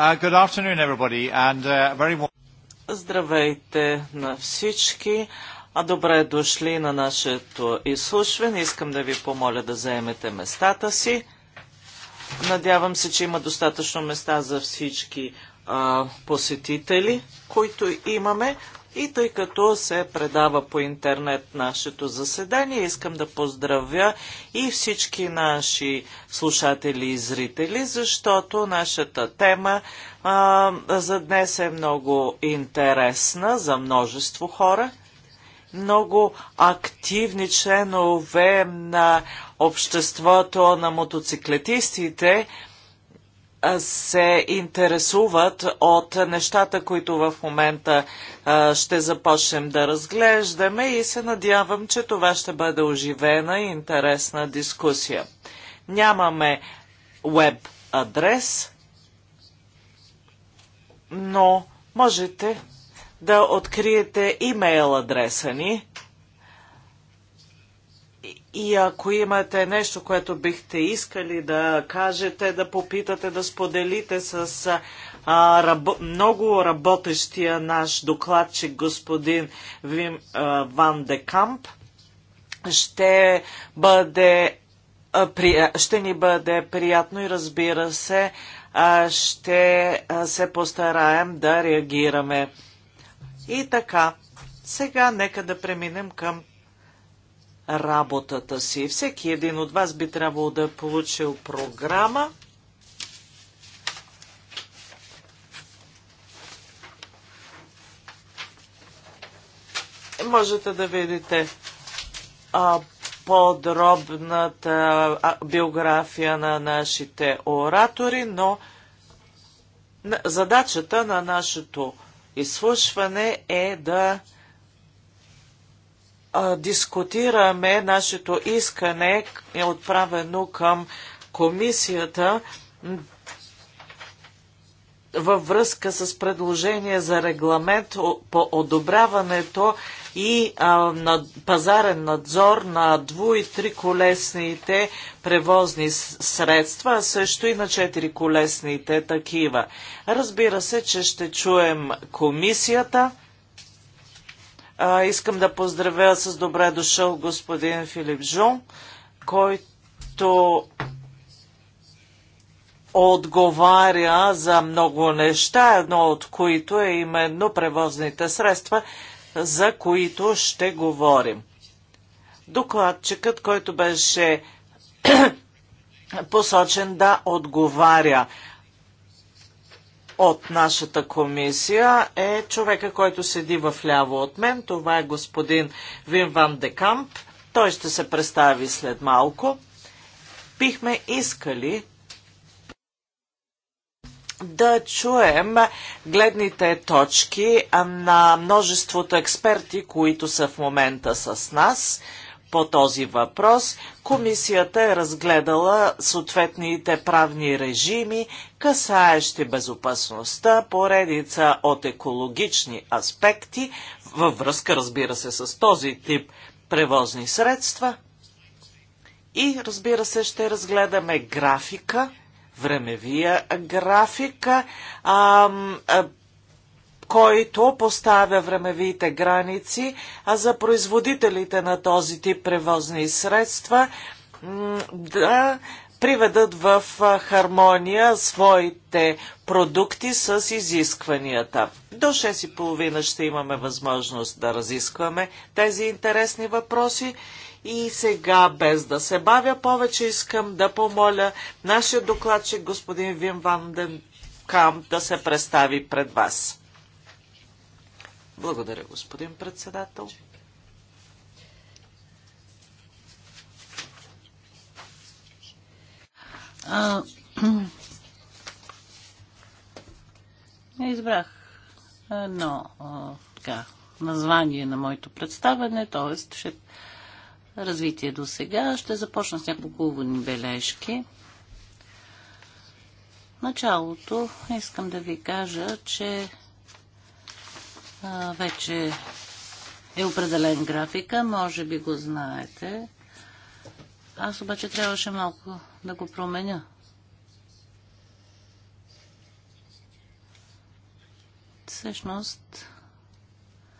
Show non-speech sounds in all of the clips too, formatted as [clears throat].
Uh, good afternoon, everybody, and uh, very warm... Здравейте на всички, а добре дошли на нашето изслушване. Искам да ви помоля да заемете местата си. Надявам се, че има достатъчно места за всички а, посетители, които имаме. И тъй като се предава по интернет нашето заседание, искам да поздравя и всички наши слушатели и зрители, защото нашата тема а, за днес е много интересна за множество хора. Много активни членове на обществото на мотоциклетистите се интересуват от нещата, които в момента ще започнем да разглеждаме и се надявам, че това ще бъде оживена и интересна дискусия. Нямаме веб адрес, но можете да откриете имейл адреса ни – и ако имате нещо, което бихте искали да кажете, да попитате, да споделите с а, рабо, много работещия наш докладчик господин Вим а, Ван де Камп, ще бъде ще ни бъде приятно и разбира се, ще се постараем да реагираме. И така, сега нека да преминем към работата си. Всеки един от вас би трябвало да е получил програма. Можете да видите а, подробната биография на нашите оратори, но задачата на нашето изслушване е да дискутираме нашето искане, е отправено към комисията във връзка с предложение за регламент по одобряването и а, на, пазарен надзор на дву- и триколесните превозни средства, а също и на четириколесните такива. Разбира се, че ще чуем комисията искам да поздравя с добре дошъл господин Филип Жун, който отговаря за много неща, едно от които е именно превозните средства, за които ще говорим. Докладчикът, който беше [coughs] посочен да отговаря от нашата комисия е човека, който седи в ляво от мен. Това е господин Вин Ван Декамп. Той ще се представи след малко. Бихме искали да чуем гледните точки на множеството експерти, които са в момента с нас по този въпрос. Комисията е разгледала съответните правни режими, касаещи безопасността, поредица от екологични аспекти, във връзка, разбира се, с този тип превозни средства. И, разбира се, ще разгледаме графика, времевия графика, а, а, който поставя времевите граници, а за производителите на този тип превозни средства да приведат в хармония своите продукти с изискванията. До 6.30 ще имаме възможност да разискваме тези интересни въпроси. И сега, без да се бавя повече, искам да помоля нашия докладчик господин Вим Ванден Кам да се представи пред вас. Благодаря, господин председател. А, [clears throat] избрах едно а, така, название на моето представене, т.е. ще развитие до сега. Ще започна с няколко уводни бележки. началото искам да ви кажа, че а, вече е определен графика, може би го знаете. Аз обаче трябваше малко да го променя. Всъщност,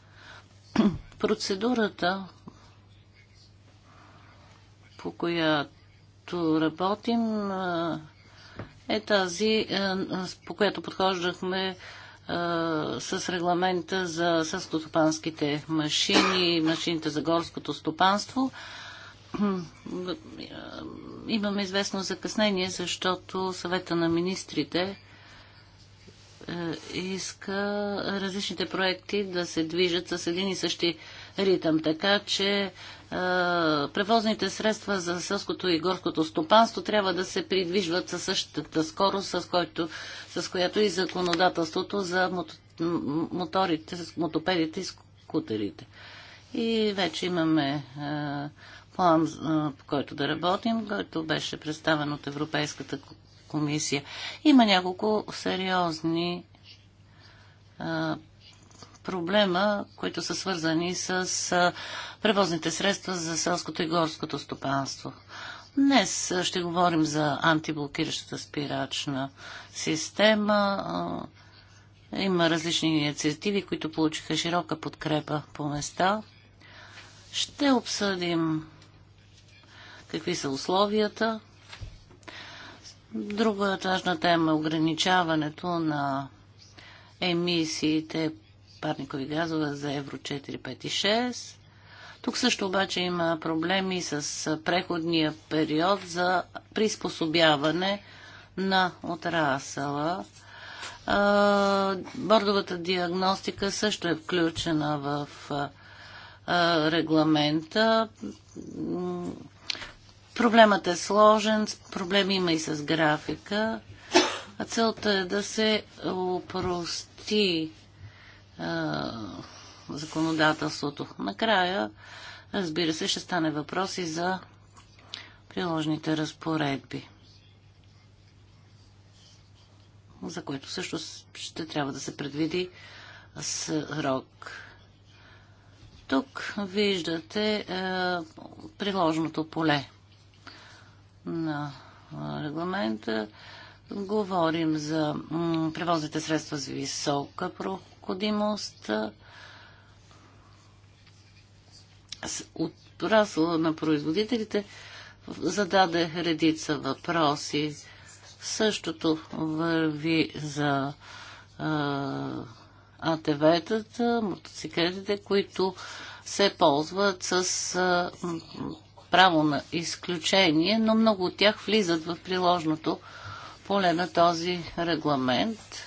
[clears throat] процедурата, по която работим, е тази, по която подхождахме с регламента за съскотопанските машини, машините за горското стопанство. [clears throat] Имаме известно закъснение, защото съвета на министрите е, иска различните проекти да се движат с един и същи ритъм. Така че превозните средства за селското и горското стопанство трябва да се придвижват със същата скорост, с, който, с която и законодателството за мото, моторите, мотопедите и скутерите. И вече имаме план, по който да работим, който беше представен от Европейската комисия. Има няколко сериозни проблема, които са свързани с превозните средства за селското и горското стопанство. Днес ще говорим за антиблокиращата спирачна система. Има различни инициативи, които получиха широка подкрепа по места. Ще обсъдим какви са условията. Друга важна тема е ограничаването на емисиите парникови газове за Евро 4, 5 и 6. Тук също обаче има проблеми с преходния период за приспособяване на отрасъла. Бордовата диагностика също е включена в регламента. Проблемът е сложен, проблем има и с графика. Целта е да се опрости законодателството. Накрая, разбира се, ще стане въпроси за приложните разпоредби, за което също ще трябва да се предвиди срок. Тук виждате е, приложното поле на регламента. Говорим за превозните средства с висока необходимост отрасъла на производителите зададе редица въпроси. Същото върви за АТВ-тата, мотоциклетите, които се ползват с а, право на изключение, но много от тях влизат в приложното поле на този регламент.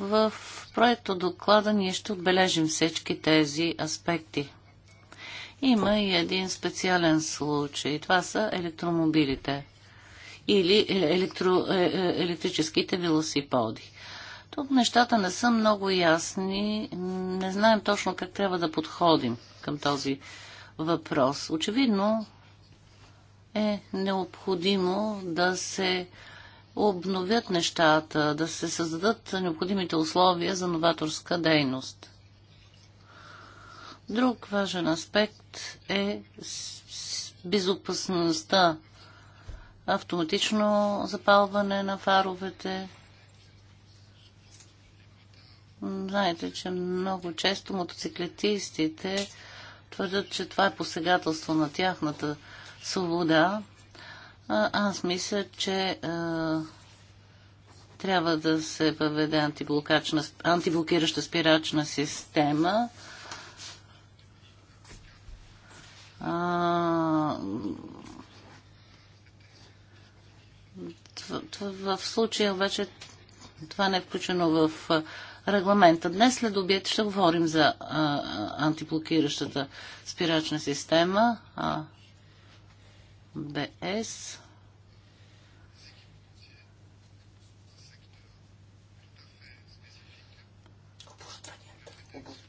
В проекто доклада ние ще отбележим всички тези аспекти. Има и един специален случай. Това са електромобилите или е, електро, е, е, електрическите велосиподи. Тук нещата не са много ясни. Не знаем точно как трябва да подходим към този въпрос. Очевидно е необходимо да се обновят нещата, да се създадат необходимите условия за новаторска дейност. Друг важен аспект е безопасността. Автоматично запалване на фаровете. Знаете, че много често мотоциклетистите твърдят, че това е посегателство на тяхната свобода аз мисля, че а, трябва да се въведе антиблокираща спирачна система. А, в случая обаче това не е включено в регламента. Днес след обед ще говорим за а, антиблокиращата спирачна система а, БС.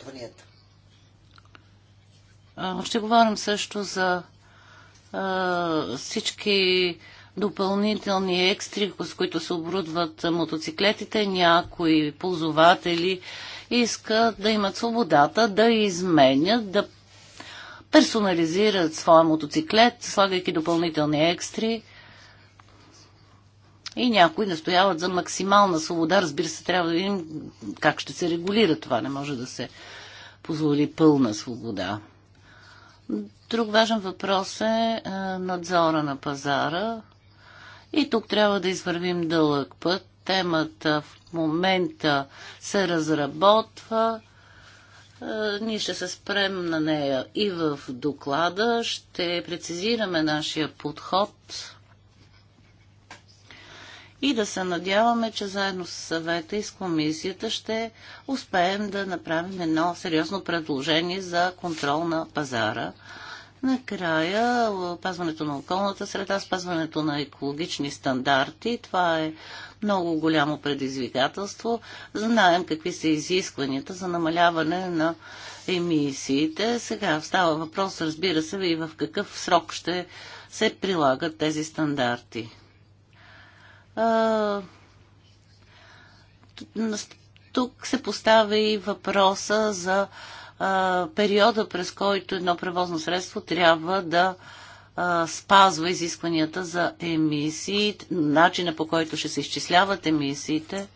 изискванията. Ще говорим също за всички допълнителни екстри, с които се оборудват мотоциклетите. Някои ползователи искат да имат свободата да изменят, да персонализират своя мотоциклет, слагайки допълнителни екстри. И някои настояват за максимална свобода. Разбира се, трябва да видим как ще се регулира това. Не може да се позволи пълна свобода. Друг важен въпрос е, е надзора на пазара. И тук трябва да извървим дълъг път. Темата в момента се разработва. Е, ние ще се спрем на нея и в доклада. Ще прецизираме нашия подход и да се надяваме, че заедно с съвета и с комисията ще успеем да направим едно сериозно предложение за контрол на пазара. Накрая, пазването на околната среда, спазването на екологични стандарти, това е много голямо предизвикателство. Знаем какви са изискванията за намаляване на емисиите. Сега става въпрос, разбира се, и в какъв срок ще се прилагат тези стандарти тук се поставя и въпроса за периода, през който едно превозно средство трябва да спазва изискванията за емисии, начина по който ще се изчисляват емисиите.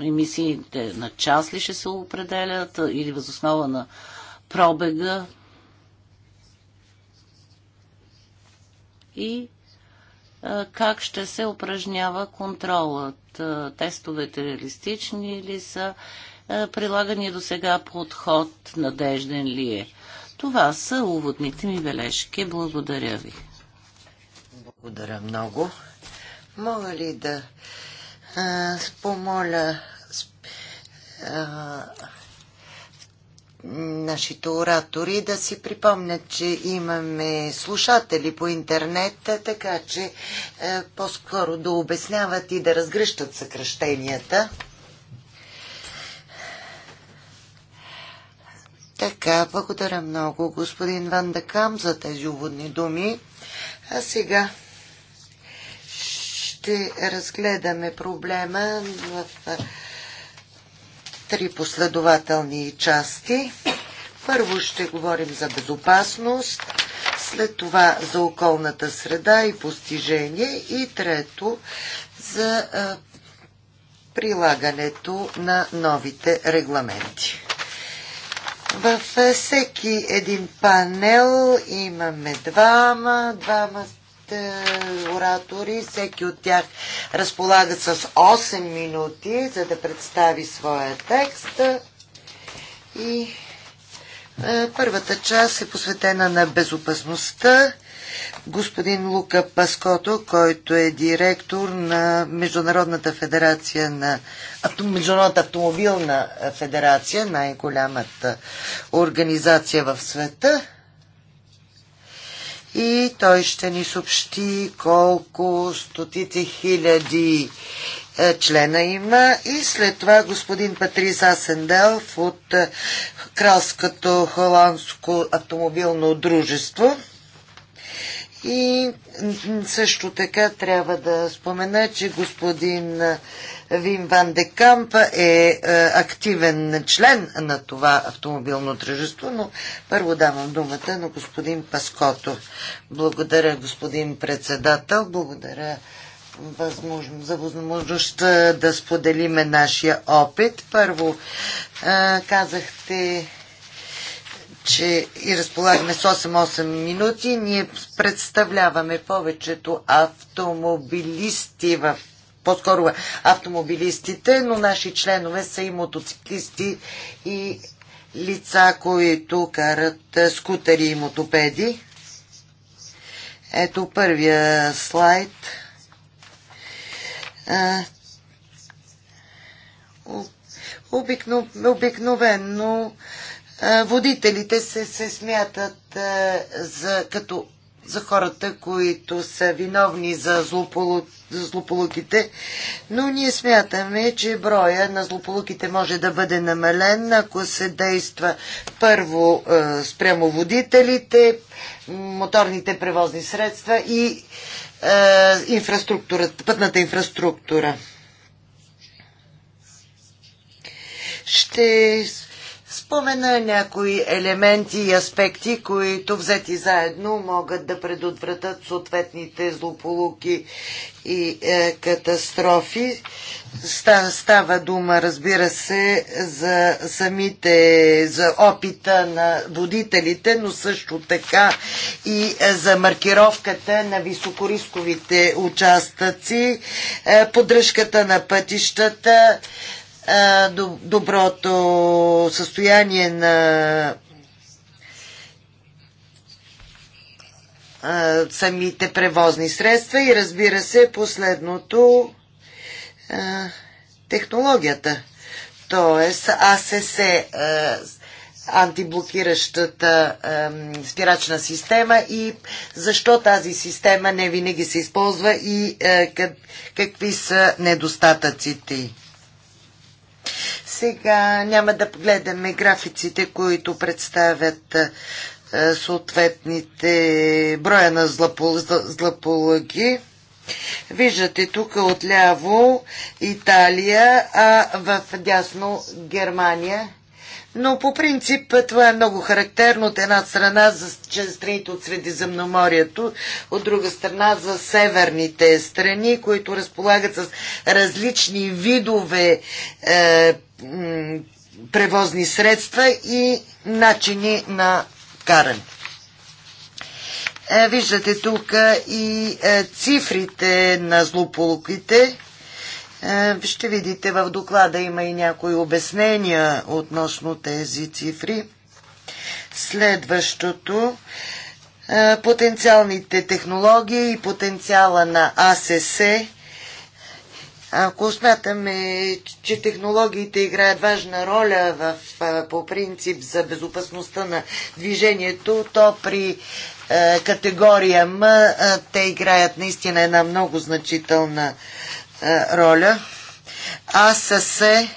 Емисиите на час ли ще се определят или възоснова на пробега. И как ще се упражнява контролът. Тестовете реалистични ли са? прилагани до сега подход надежден ли е? Това са уводните ми бележки. Благодаря ви. Благодаря много. Мога ли да а, спомоля а, нашите оратори да си припомнят, че имаме слушатели по интернет, така че е, по-скоро да обясняват и да разгръщат съкръщенията. Така, благодаря много, господин Ван Дакам, за тези уводни думи. А сега ще разгледаме проблема в три последователни части. Първо ще говорим за безопасност, след това за околната среда и постижение и трето за прилагането на новите регламенти. В всеки един панел имаме двама, двама оратори. Всеки от тях разполага с 8 минути, за да представи своя текст. И е, първата част е посветена на безопасността. Господин Лука Паското, който е директор на Международната федерация на Международната автомобилна федерация, най-голямата организация в света и той ще ни съобщи колко стотици хиляди е, члена има и след това господин Патрис Асенделф от е, Кралското холандско автомобилно дружество и също така трябва да спомена, че господин Вин Ван де Камп е, е активен член на това автомобилно тръжество, но първо давам думата на господин Паското. Благодаря, господин председател. Благодаря възможно, за възможността да споделиме нашия опит. Първо, е, казахте че и разполагаме с 8-8 минути. Ние представляваме повечето автомобилисти в по-скоро автомобилистите, но наши членове са и мотоциклисти и лица, които карат е, скутери и мотопеди. Ето първия слайд. Е, обикновено водителите се, се смятат а, за, като за хората, които са виновни за, злополу, за злополуките, но ние смятаме, че броя на злополуките може да бъде намален, ако се действа първо е, спрямо водителите, моторните превозни средства и е, инфраструктурата, пътната инфраструктура. Ще спомена някои елементи и аспекти, които взети заедно могат да предотвратят съответните злополуки и е, катастрофи. Става, става дума, разбира се, за самите, за опита на водителите, но също така и е, за маркировката на високорисковите участъци, е, поддръжката на пътищата, доброто състояние на самите превозни средства и разбира се последното технологията. Тоест АСС антиблокиращата спирачна система и защо тази система не винаги се използва и как, какви са недостатъците. Сега няма да гледаме графиците, които представят съответните броя на злаполъги. Виждате тук отляво Италия, а в дясно Германия. Но по принцип е, това е много характерно от една страна за страните от Средиземноморието, от друга страна за северните страни, които разполагат с различни видове е, превозни средства и начини на каране. Е, виждате тук и е, цифрите на злополуките. Е, ще видите в доклада има и някои обяснения относно тези цифри. Следващото е, потенциалните технологии и потенциала на АСС. Ако смятаме, че технологиите играят важна роля в, е, по принцип за безопасността на движението, то при категория М те играят наистина една много значителна роля е, роля, а се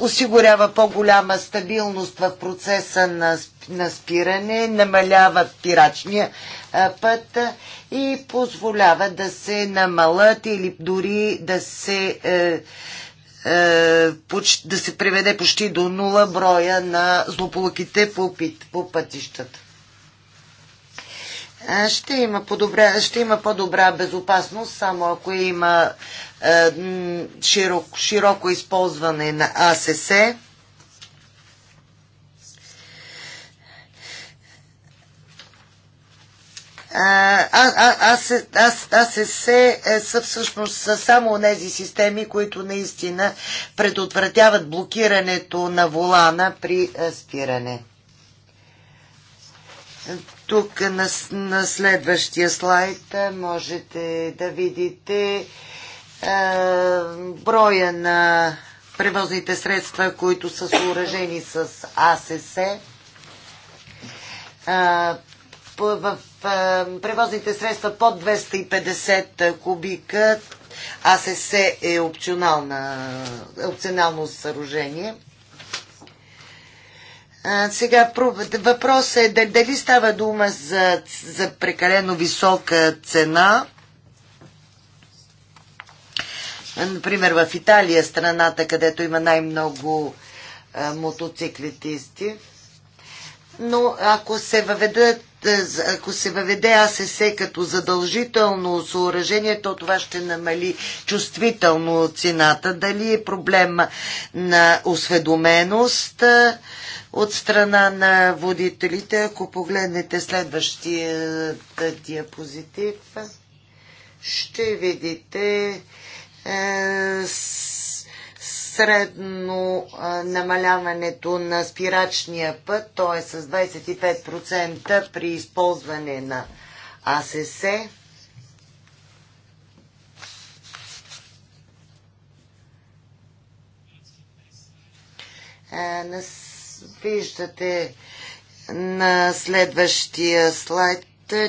осигурява по-голяма стабилност в процеса на, на спиране, намалява пирачния е, път е, и позволява да се намалят или дори да се, е, да се приведе почти до нула броя на злополуките по, по пътищата. Ще има, подобра, ще има по-добра безопасност, само ако има е, широк, широко използване на АСС. АСС е, са всъщност са само тези системи, които наистина предотвратяват блокирането на волана при е, спиране. Тук на, на следващия слайд можете да видите е, броя на превозните средства, които са съоръжени с АСС. Е, в е, превозните средства под 250 кубика АСС е, е опционално съоръжение. А, сега въпросът е дали става дума за, за прекалено висока цена. Например, в Италия, страната, където има най-много мотоциклетисти. Но ако се въведат ако се въведе АСС като задължително съоръжение, то това ще намали чувствително цената. Дали е проблем на осведоменост от страна на водителите. Ако погледнете следващия диапозитив, ще видите е, средно е, намаляването на спирачния път, т.е. с 25% при използване на АСС. Е, на виждате на следващия слайд,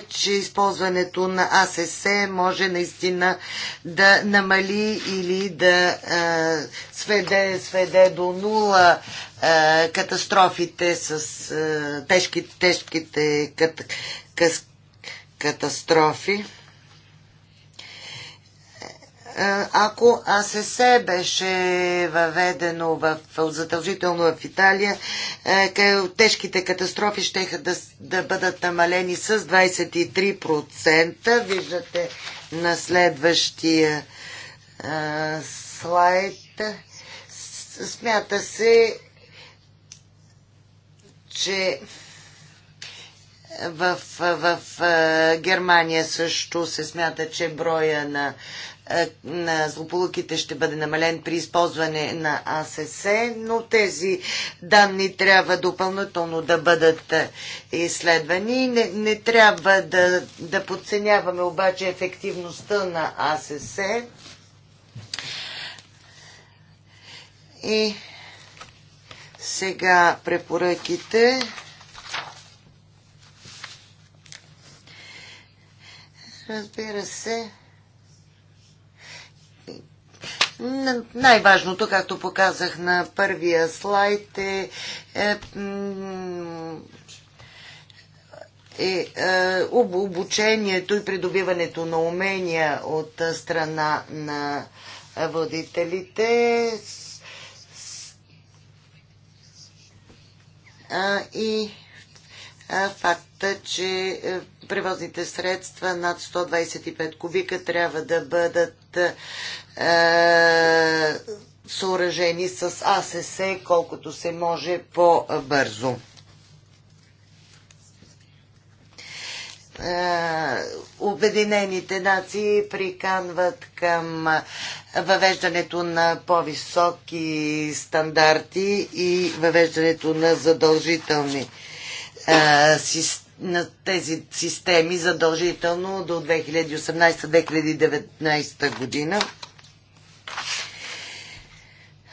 че използването на АСС може наистина да намали или да а, сведе, сведе до нула а, катастрофите с а, тежки, тежките кат, кас, катастрофи. Е, ако АСС беше въведено в, задължително в Италия, е, тежките катастрофи ще да, да бъдат намалени с 23%. Виждате на следващия е, слайд. Смята се, че в, в, в Германия също се смята, че броя на е, на злополуките ще бъде намален при използване на АСС, но тези данни трябва допълнително да бъдат е, изследвани. Не, не трябва да, да подценяваме обаче ефективността на АСС. И сега препоръките. Разбира се. Най-важното, както показах на първия слайд, е, е, е, е обучението и придобиването на умения от страна на водителите. и факта, че е, превозните средства над 125 кубика трябва да бъдат е, съоръжени с АСС колкото се може по-бързо. Е, Обединените нации приканват към въвеждането на по-високи стандарти и въвеждането на задължителни е, системи на тези системи задължително до 2018-2019 година.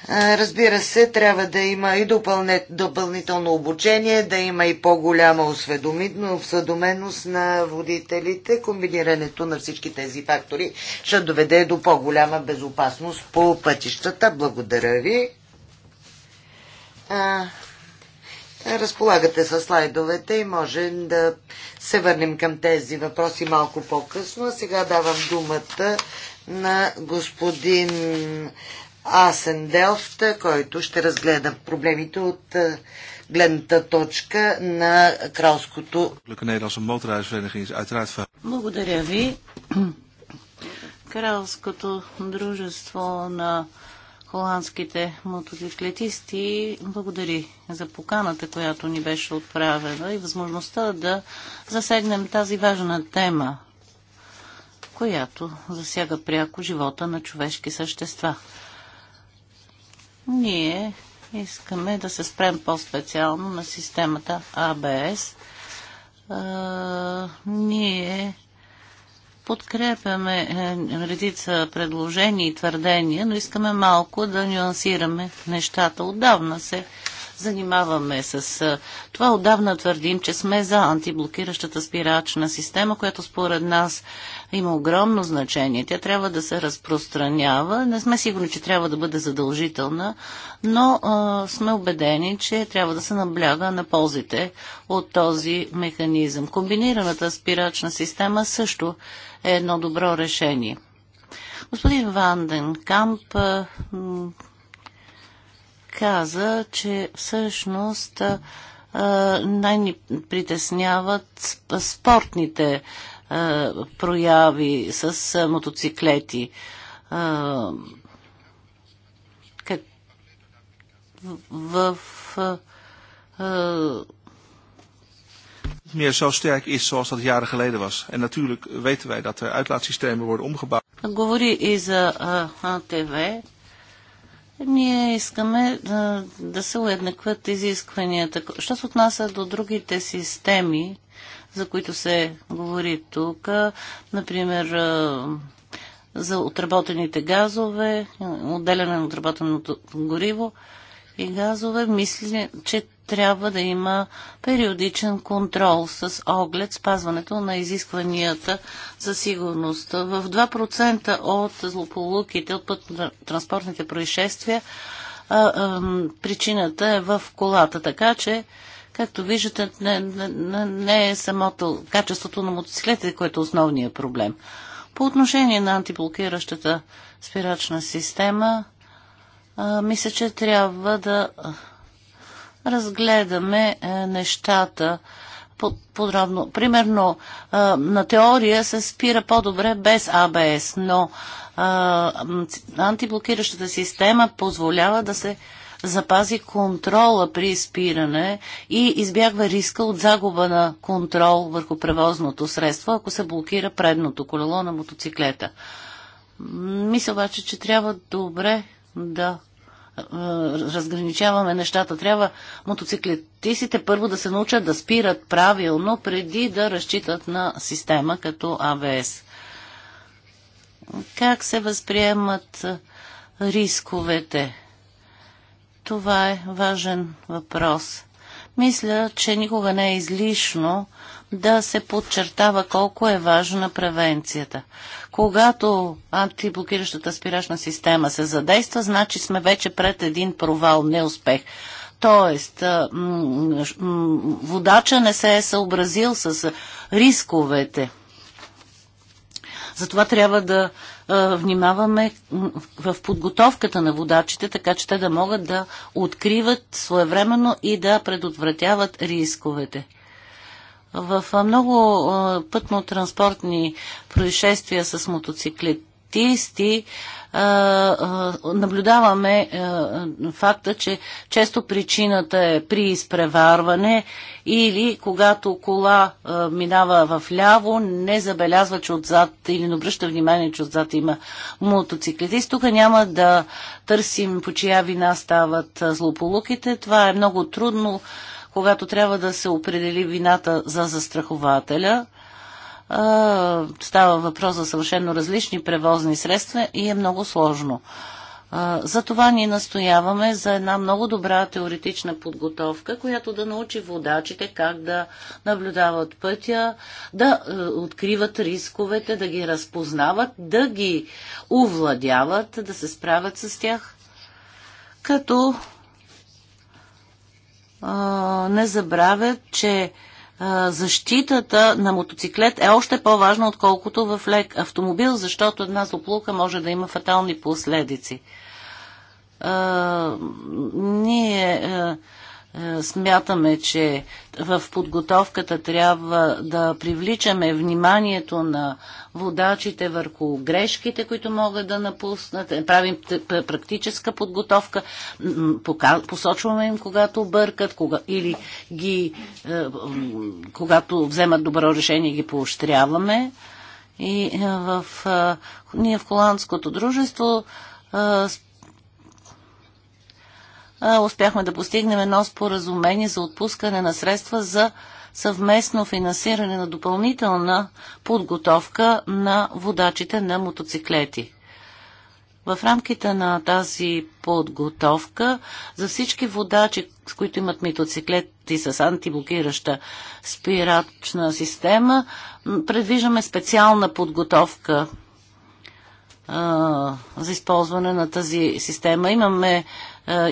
Разбира се, трябва да има и допълнително обучение, да има и по-голяма осведоменост на водителите. Комбинирането на всички тези фактори ще доведе до по-голяма безопасност по пътищата. Благодаря ви. Разполагате с слайдовете и може да се върнем към тези въпроси малко по-късно. Сега давам думата на господин Асен Делфт, който ще разгледа проблемите от гледната точка на кралското. Благодаря ви. [clears throat] Кралското дружество на холандските мотоциклетисти благодари за поканата, която ни беше отправена и възможността да засегнем тази важна тема, която засяга пряко живота на човешки същества. Ние искаме да се спрем по-специално на системата АБС. А, ние Подкрепяме е, редица предложения и твърдения, но искаме малко да нюансираме нещата. Отдавна се занимаваме с това. Отдавна твърдим, че сме за антиблокиращата спирачна система, която според нас има огромно значение. Тя трябва да се разпространява. Не сме сигурни, че трябва да бъде задължителна, но а, сме убедени, че трябва да се набляга на ползите от този механизъм. Комбинираната спирачна система също е едно добро решение. Господин Ванден Камп каза, че всъщност най-ни притесняват спортните прояви с мотоциклети. В meer zo sterk is zoals dat jaren geleden was. En natuurlijk weten wij dat er uitlaatsystemen worden omgebouwd. Говори и за АТВ, ние искаме да, да се уеднакват изискванията. Що се отнася до другите системи, за които се говори тук, например за отработените газове, отделяне на отработеното гориво и газове, мисля, че трябва да има периодичен контрол с оглед спазването на изискванията за сигурност. В 2% от злополуките от път транспортните происшествия а, а, причината е в колата. Така че, както виждате, не, не, не е самото качеството на мотоциклетите, което е основният проблем. По отношение на антиблокиращата спирачна система, а, мисля, че трябва да разгледаме е, нещата подробно. Примерно, е, на теория се спира по-добре без АБС, но е, антиблокиращата система позволява да се запази контрола при спиране и избягва риска от загуба на контрол върху превозното средство, ако се блокира предното колело на мотоциклета. Мисля обаче, че трябва добре да е, разграничаваме нещата. Трябва мотоциклетистите първо да се научат да спират правилно, преди да разчитат на система като АВС. Как се възприемат е, рисковете? Това е важен въпрос. Мисля, че никога не е излишно да се подчертава колко е важна превенцията. Когато антиблокиращата спирачна система се задейства, значи сме вече пред един провал, неуспех. Тоест, водача не се е съобразил с рисковете. Затова трябва да внимаваме в подготовката на водачите, така че те да могат да откриват своевременно и да предотвратяват рисковете. В много пътно-транспортни происшествия с мотоциклетисти наблюдаваме факта, че често причината е при изпреварване или когато кола минава в ляво, не забелязва, че отзад или не обръща внимание, че отзад има мотоциклетист. Тук няма да търсим по чия вина стават злополуките. Това е много трудно когато трябва да се определи вината за застрахователя, става въпрос за съвършено различни превозни средства и е много сложно. За това ние настояваме за една много добра теоретична подготовка, която да научи водачите как да наблюдават пътя, да е, откриват рисковете, да ги разпознават, да ги овладяват, да се справят с тях, като не забравят, че защитата на мотоциклет е още по-важна, отколкото в лек автомобил, защото една злополука може да има фатални последици. ние Смятаме, че в подготовката трябва да привличаме вниманието на водачите върху грешките, които могат да напуснат. Правим практическа подготовка, посочваме им когато бъркат кога, или ги, е, когато вземат добро решение ги поощряваме. И е, в, е, ние в Холандското дружество успяхме да постигнем едно споразумение за отпускане на средства за съвместно финансиране на допълнителна подготовка на водачите на мотоциклети. В рамките на тази подготовка за всички водачи, с които имат мотоциклети с антиблокираща спирачна система, предвиждаме специална подготовка а, за използване на тази система. Имаме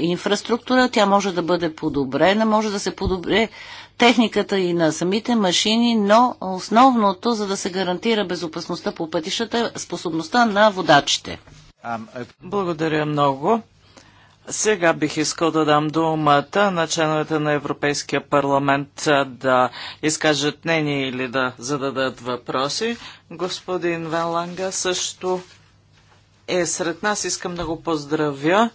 инфраструктура. Тя може да бъде подобрена, може да се подобре техниката и на самите машини, но основното, за да се гарантира безопасността по пътищата, е способността на водачите. Е, Благодаря много. Сега бих искал да дам думата на членовете на Европейския парламент да изкажат мнение или да зададат въпроси. Господин Валанга също е сред нас. Искам да го поздравя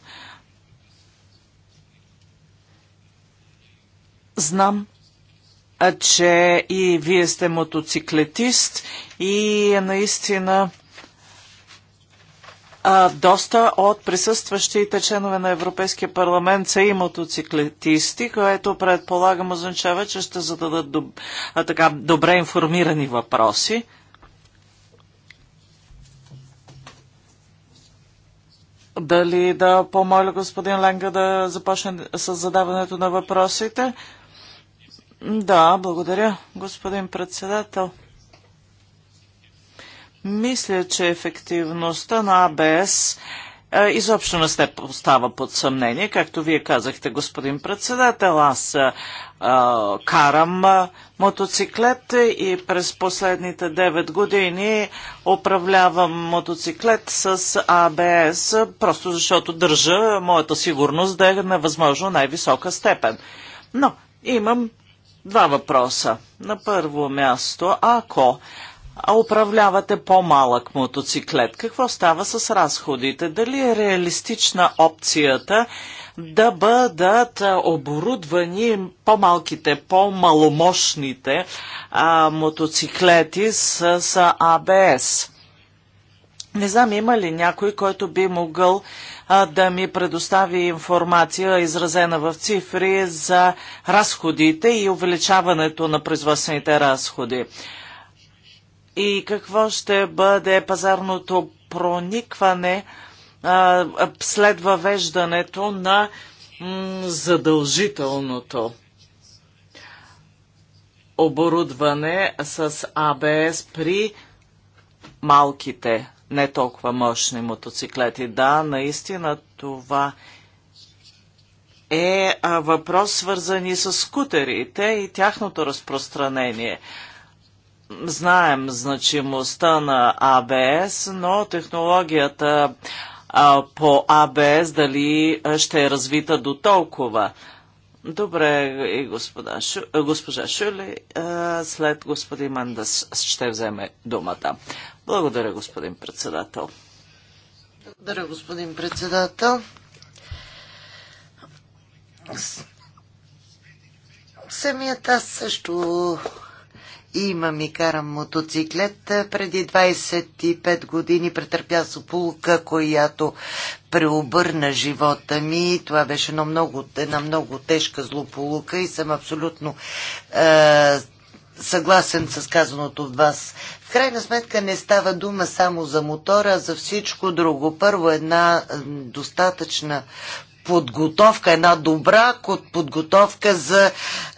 Знам, че и вие сте мотоциклетист и е наистина а, доста от присъстващите членове на Европейския парламент са и мотоциклетисти, което предполагам означава, че ще зададат доб... а, така, добре информирани въпроси. Дали да помоля господин Ленга да започне с задаването на въпросите? Да, благодаря, господин председател. Мисля, че ефективността на АБС е, изобщо не се остава под съмнение. Както вие казахте, господин председател, аз а, е, е, карам а, мотоциклет и през последните 9 години управлявам мотоциклет с АБС, просто защото държа моята сигурност да е на възможно най-висока степен. Но имам Два въпроса. На първо място, ако управлявате по-малък мотоциклет, какво става с разходите? Дали е реалистична опцията да бъдат оборудвани по-малките, по-маломощните мотоциклети с, с АБС? Не знам има ли някой, който би могъл а, да ми предостави информация, изразена в цифри, за разходите и увеличаването на производствените разходи. И какво ще бъде пазарното проникване а, след въвеждането на задължителното оборудване с АБС при малките не толкова мощни мотоциклети. Да, наистина това е въпрос свързани с скутерите и тяхното разпространение. Знаем значимостта на АБС, но технологията по АБС дали ще е развита до толкова – Добре, и господа, е, госпожа Шули, е, след господин Мандас ще вземе думата. Благодаря, господин председател. Благодаря, господин председател. Самият аз също имам и карам мотоциклет. Преди 25 години претърпя сополука, която преобърна живота ми. Това беше една много, една много тежка злополука и съм абсолютно е, съгласен с казаното от вас. В крайна сметка не става дума само за мотора, а за всичко друго. Първо една достатъчна подготовка, една добра подготовка за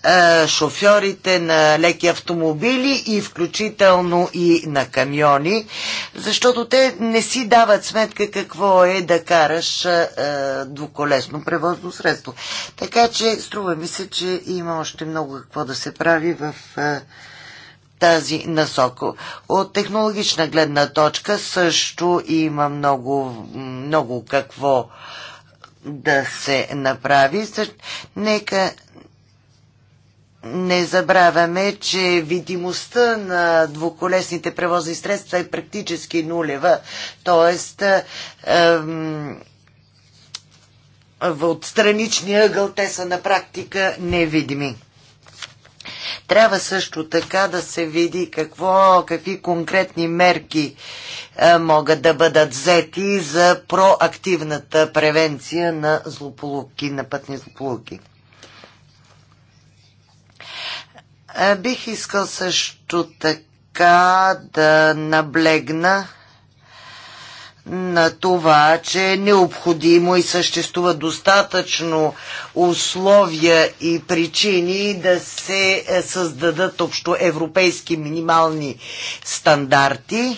е, шофьорите на леки автомобили и включително и на камиони, защото те не си дават сметка какво е да караш е, двуколесно превозно средство. Така че струва ми се, че има още много какво да се прави в е, тази насока. От технологична гледна точка също има много, много какво да се направи. Нека не забравяме, че видимостта на двуколесните превозни средства е практически нулева. Тоест, в от страничния ъгъл те са на практика невидими. Трябва също така да се види какво, какви конкретни мерки а, могат да бъдат взети за проактивната превенция на злополуки, на пътни злополуки. А, бих искал също така да наблегна на това, че е необходимо и съществува достатъчно условия и причини да се е, създадат общо европейски минимални стандарти е,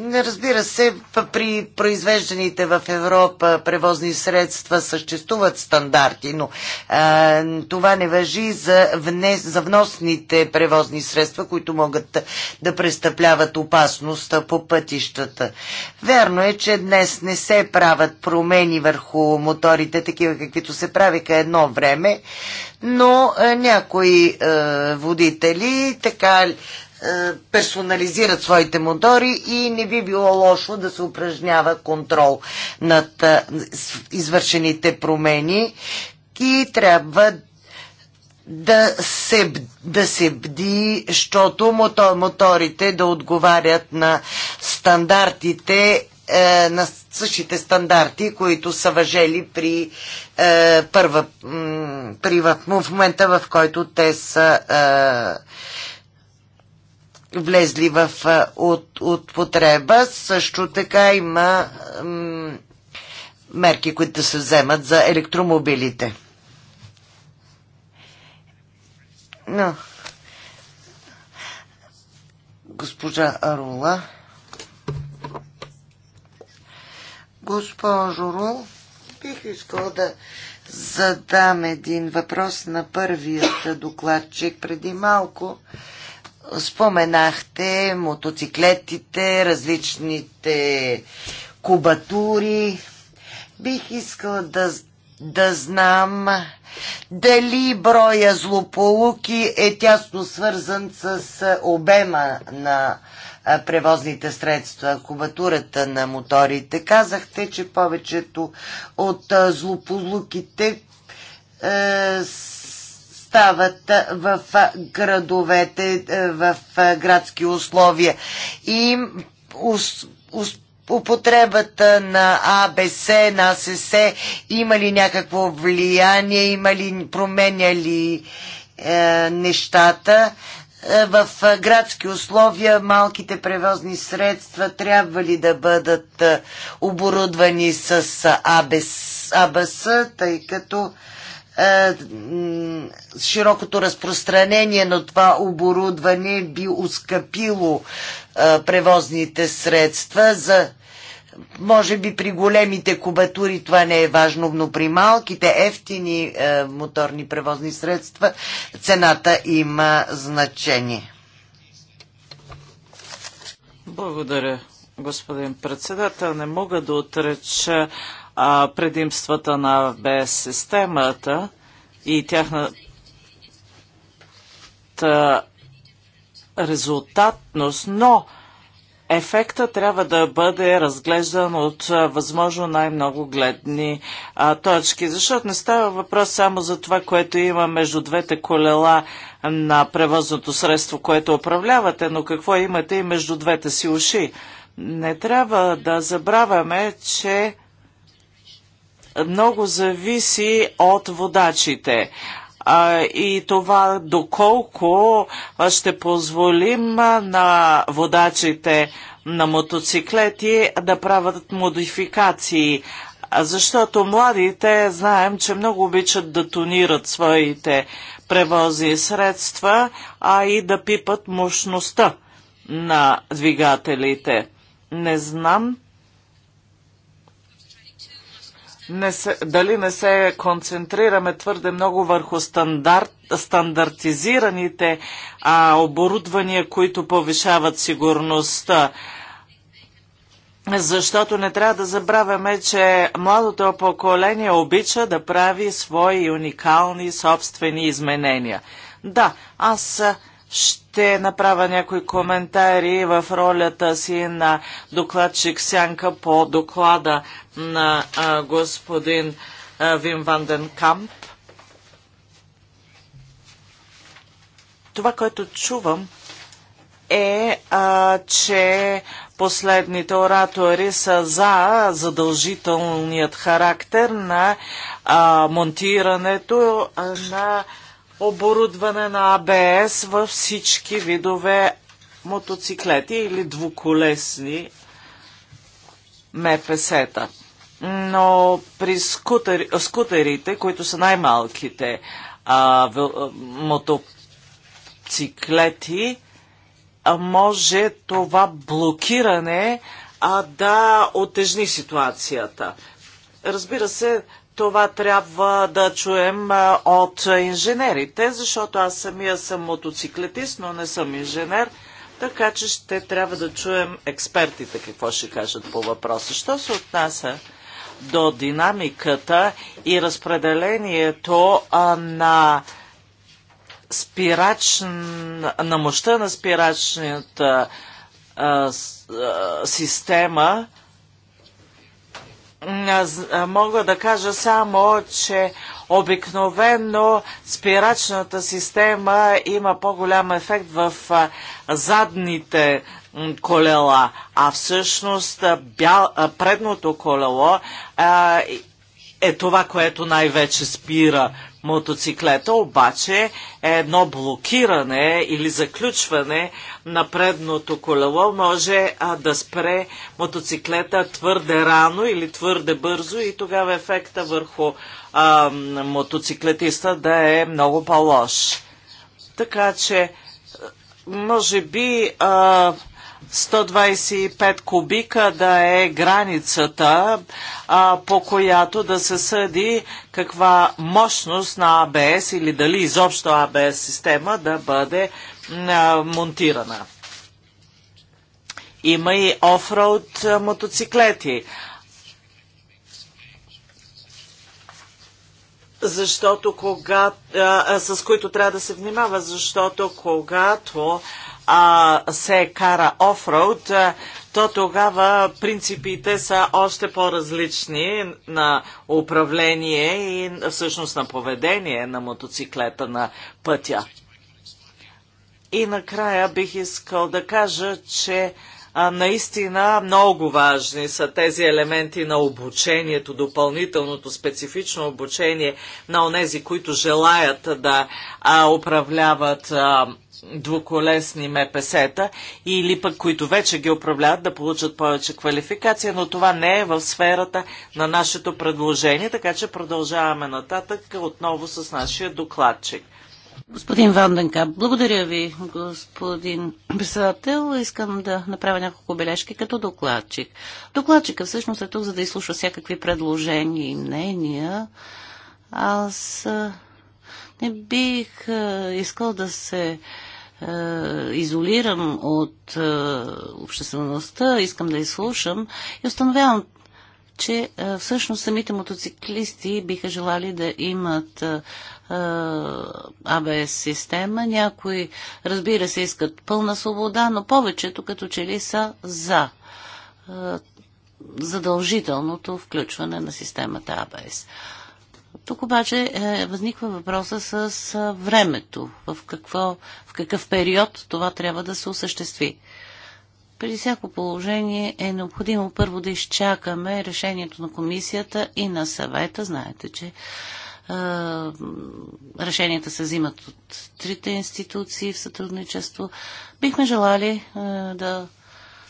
Разбира се, при произвежданите в Европа превозни средства съществуват стандарти, но а, това не въжи за, внес, за вносните превозни средства, които могат да престъпляват опасност по пътищата. Верно е, че днес не се правят промени върху моторите, такива каквито се правиха едно време, но а, някои а, водители така е, персонализират своите мотори и не би било лошо да се упражнява контрол над е, извършените промени и трябва да се, да се бди, защото моторите да отговарят на стандартите е, на същите стандарти, които са въжели при, е, първа, при в, в момента, в който те са е, влезли в от, от потреба. Също така има мерки, които се вземат за електромобилите. Но, госпожа Арула, госпожо Рул, бих искала да задам един въпрос на първият докладчик преди малко. Споменахте мотоциклетите, различните кубатури. Бих искала да, да знам дали броя злополуки е тясно свързан с обема на превозните средства, кубатурата на моторите. Казахте, че повечето от злополуките е, остават в градовете, в градски условия. И употребата на АБС, на АСС, има ли някакво влияние, има ли, променя ли е, нещата. Е, в градски условия малките превозни средства трябва ли да бъдат е, оборудвани с АБС, АБС тъй като е, широкото разпространение на това оборудване би ускъпило е, превозните средства за може би при големите кубатури това не е важно, но при малките ефтини е, моторни превозни средства цената има значение. Благодаря, господин председател. Не мога да отреча а, предимствата на БС системата и тяхната резултатност, но ефекта трябва да бъде разглеждан от възможно най-много гледни а, точки, защото не става въпрос само за това, което има между двете колела на превозното средство, което управлявате, но какво имате и между двете си уши. Не трябва да забравяме, че много зависи от водачите и това доколко ще позволим на водачите на мотоциклети да правят модификации. Защото младите знаем, че много обичат да тонират своите превози средства, а и да пипат мощността на двигателите. Не знам не се, дали не се концентрираме твърде много върху стандарт, стандартизираните а, оборудвания, които повишават сигурността. Защото не трябва да забравяме, че младото поколение обича да прави свои уникални собствени изменения. Да, аз ще направя някои коментари в ролята си на докладчик Сянка по доклада на господин Вим Ванден Камп. Това, което чувам, е, а, че последните оратори са за задължителният характер на а, монтирането на оборудване на АБС във всички видове мотоциклети или двуколесни МПС-та. Но при скутери, скутерите, които са най-малките мотоциклети, а може това блокиране а, да отежни ситуацията. Разбира се, това трябва да чуем от инженерите, защото аз самия съм мотоциклетист, но не съм инженер, така че ще трябва да чуем експертите какво ще кажат по въпроса. Що се отнася до динамиката и разпределението на спирач, на мощта на спирачната система, мога да кажа само, че обикновено спирачната система има по-голям ефект в задните колела, а всъщност бял, предното колело е това, което най-вече спира мотоциклета, обаче е едно блокиране или заключване на предното колело може а, да спре мотоциклета твърде рано или твърде бързо и тогава ефекта върху а, мотоциклетиста да е много по-лош. Така че, може би, а, 125 кубика да е границата, а, по която да се съди каква мощност на АБС или дали изобщо АБС система да бъде а, монтирана. Има и офроуд мотоциклети. Защото кога, а, с които трябва да се внимава, защото когато а, а, се кара офроуд, то тогава принципите са още по-различни на управление и всъщност на поведение на мотоциклета на пътя. И накрая бих искал да кажа, че а, наистина много важни са тези елементи на обучението, допълнителното специфично обучение на онези, които желаят да а, управляват а, двуколесни МПС-та или пък които вече ги управляват да получат повече квалификация, но това не е в сферата на нашето предложение, така че продължаваме нататък отново с нашия докладчик. Господин Ванденка, благодаря ви, господин председател. Искам да направя няколко бележки като докладчик. Докладчика всъщност е тук, за да изслуша всякакви предложения и мнения. Аз не бих искал да се изолирам от обществеността, искам да изслушам и установявам че всъщност самите мотоциклисти биха желали да имат АБС система. Някои, разбира се, искат пълна свобода, но повечето като че ли са за задължителното включване на системата АБС. Тук обаче е, възниква въпроса с времето. В, какво, в какъв период това трябва да се осъществи. При всяко положение е необходимо първо да изчакаме решението на комисията и на съвета. Знаете, че е, решенията се взимат от трите институции в сътрудничество. Бихме желали е, да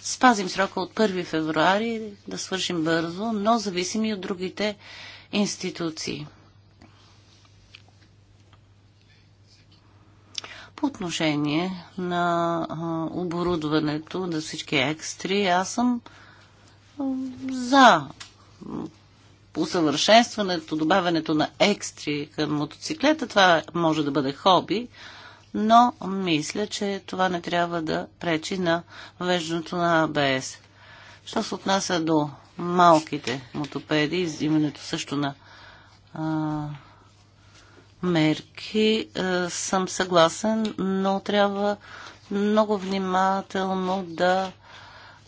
спазим срока от 1 февруари, да свършим бързо, но зависими от другите институции. По отношение на оборудването на всички екстри, аз съм за усъвършенстването, добавянето на екстри към мотоциклета. Това може да бъде хоби, но мисля, че това не трябва да пречи на веждането на АБС. Що се отнася до малките мотопеди, изименето също на мерки съм съгласен, но трябва много внимателно да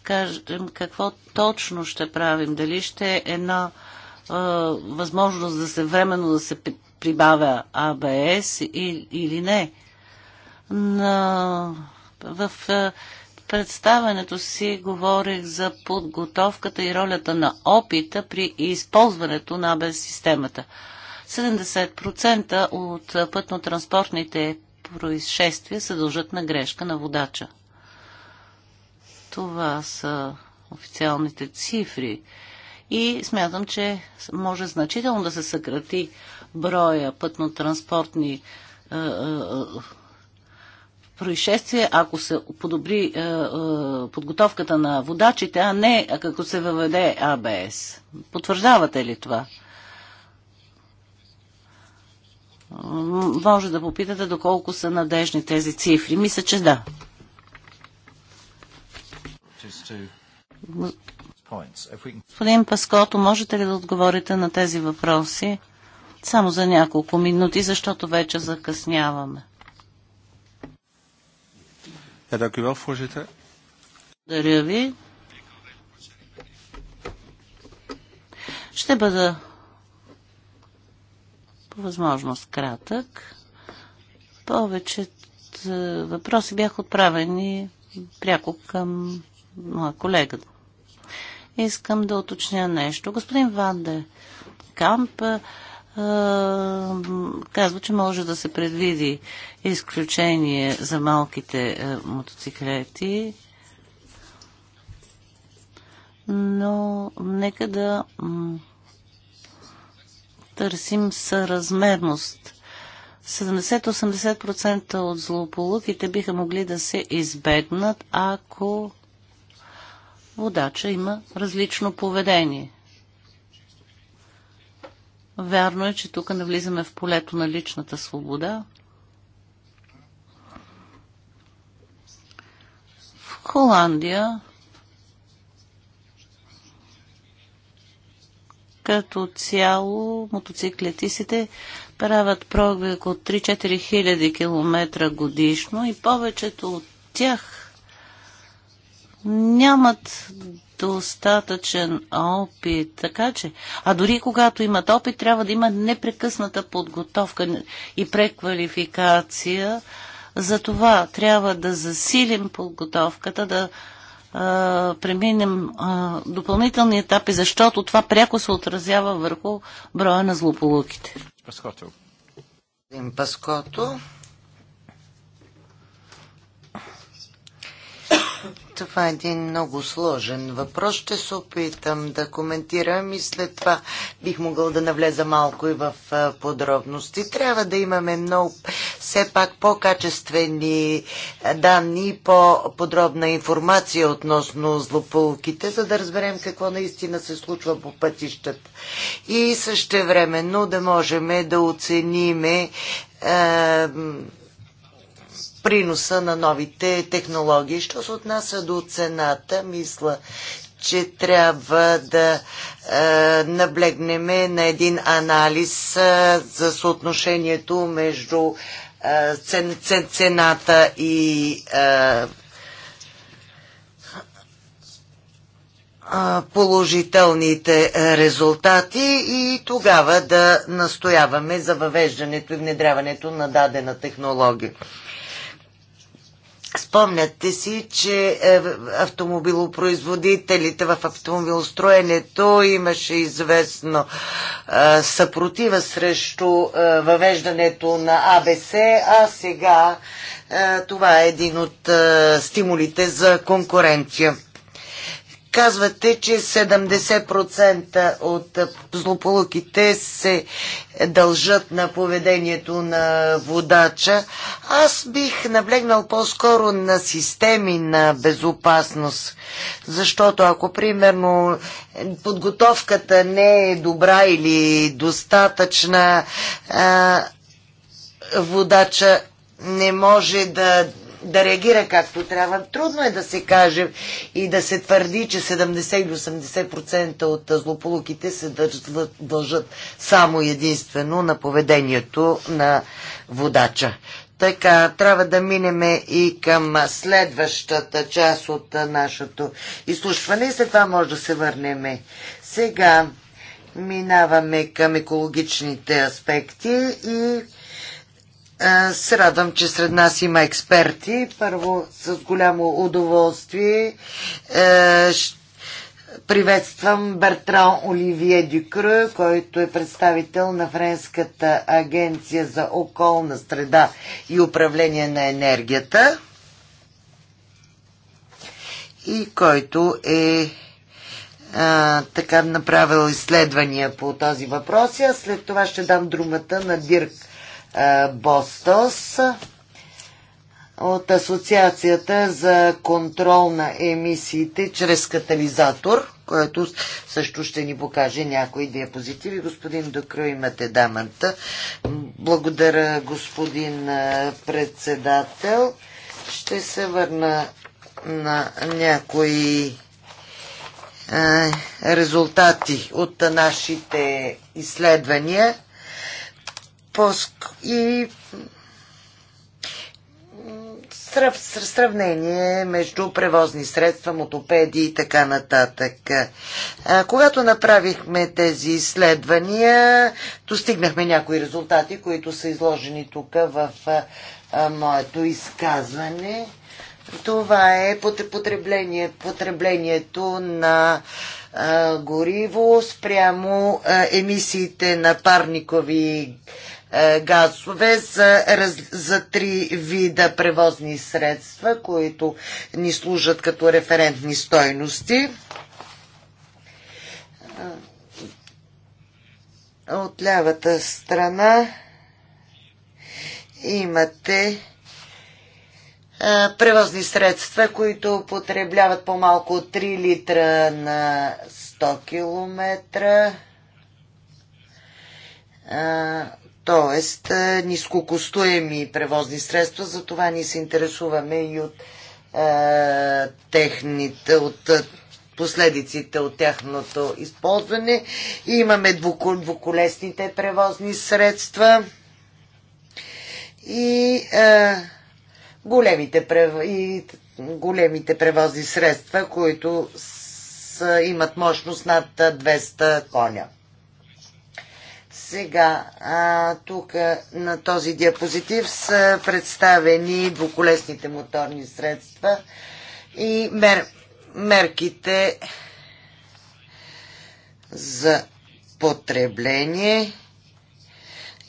кажем какво точно ще правим. Дали ще е една възможност да се временно да се прибавя АБС и, или не. На, в представенето си говорих за подготовката и ролята на опита при използването на АБС системата. 70% от пътно-транспортните происшествия се дължат на грешка на водача. Това са официалните цифри. И смятам, че може значително да се съкрати броя пътно-транспортни е, е, е, происшествия, ако се подобри подготовката на водачите, а не ако се въведе АБС. Потвърждавате ли това? може да попитате доколко са надежни тези цифри. Мисля, че да. Господин Паското, можете ли да отговорите на тези въпроси само за няколко минути, защото вече закъсняваме? Благодаря ви. Ще бъда по възможност кратък. Повечето въпроси бяха отправени пряко към моя колега. Искам да уточня нещо. Господин Ванде Камп е, казва, че може да се предвиди изключение за малките е, мотоциклети, но нека да търсим съразмерност. 70-80% от злополуките биха могли да се избегнат, ако водача има различно поведение. Вярно е, че тук навлизаме в полето на личната свобода. В Холандия Като цяло мотоциклетистите правят пробег от 3-4 хиляди километра годишно и повечето от тях нямат достатъчен опит. Така че, а дори когато имат опит, трябва да имат непрекъсната подготовка и преквалификация. За това трябва да засилим подготовката, да преминем а, допълнителни етапи, защото това пряко се отразява върху броя на злополуките. Паското. Паското. Това е един много сложен въпрос. Ще се опитам да коментирам и след това бих могъл да навлеза малко и в подробности. Трябва да имаме много, все пак по-качествени данни и по-подробна информация относно злополуките, за да разберем какво наистина се случва по пътищата. И също времено да можем да оцениме е, приноса на новите технологии. Що се отнася до цената, мисля, че трябва да е, наблегнем на един анализ е, за съотношението между е, цен, цената и е, положителните резултати и тогава да настояваме за въвеждането и внедряването на дадена технология. Спомняте си, че е, автомобилопроизводителите в автомобилостроенето имаше известно е, съпротива срещу е, въвеждането на АБС, а сега това е един от стимулите за конкуренция. Казвате, че 70% от злополуките се дължат на поведението на водача. Аз бих наблегнал по-скоро на системи на безопасност, защото ако, примерно, подготовката не е добра или достатъчна, водача не може да да реагира както трябва. Трудно е да се каже и да се твърди, че 70-80% от злополуките се дължат, дължат само единствено на поведението на водача. Така, трябва да минеме и към следващата част от нашето изслушване и след това може да се върнем. Сега минаваме към екологичните аспекти и е, се радвам, че сред нас има експерти. Първо, с голямо удоволствие е, приветствам Бертран Оливие Дюкрю, който е представител на Френската агенция за околна среда и управление на енергията и който е така направил изследвания по този въпрос. А след това ще дам думата на Дирк Бостос от Асоциацията за контрол на емисиите чрез катализатор, който също ще ни покаже някои диапозитиви. Господин Докро, имате дамата. Благодаря, господин председател. Ще се върна на някои резултати от нашите изследвания пуск и сравнение между превозни средства, мотопеди и така нататък. А, когато направихме тези изследвания, достигнахме някои резултати, които са изложени тук в а, моето изказване. Това е потребление, потреблението на а, гориво спрямо а, емисиите на парникови е, газове за, за три вида превозни средства, които ни служат като референтни стойности. Е, от лявата страна имате е, превозни средства, които потребляват по-малко 3 литра на 100 км. Тоест, нискокостоеми превозни средства, затова ни се интересуваме и от е, техните, от последиците от тяхното използване. И имаме двуколесните превозни средства и е, големите, и големите превозни средства, които с, имат мощност над 200 коня. Сега, а, тук на този диапозитив са представени двуколесните моторни средства и мер, мерките за потребление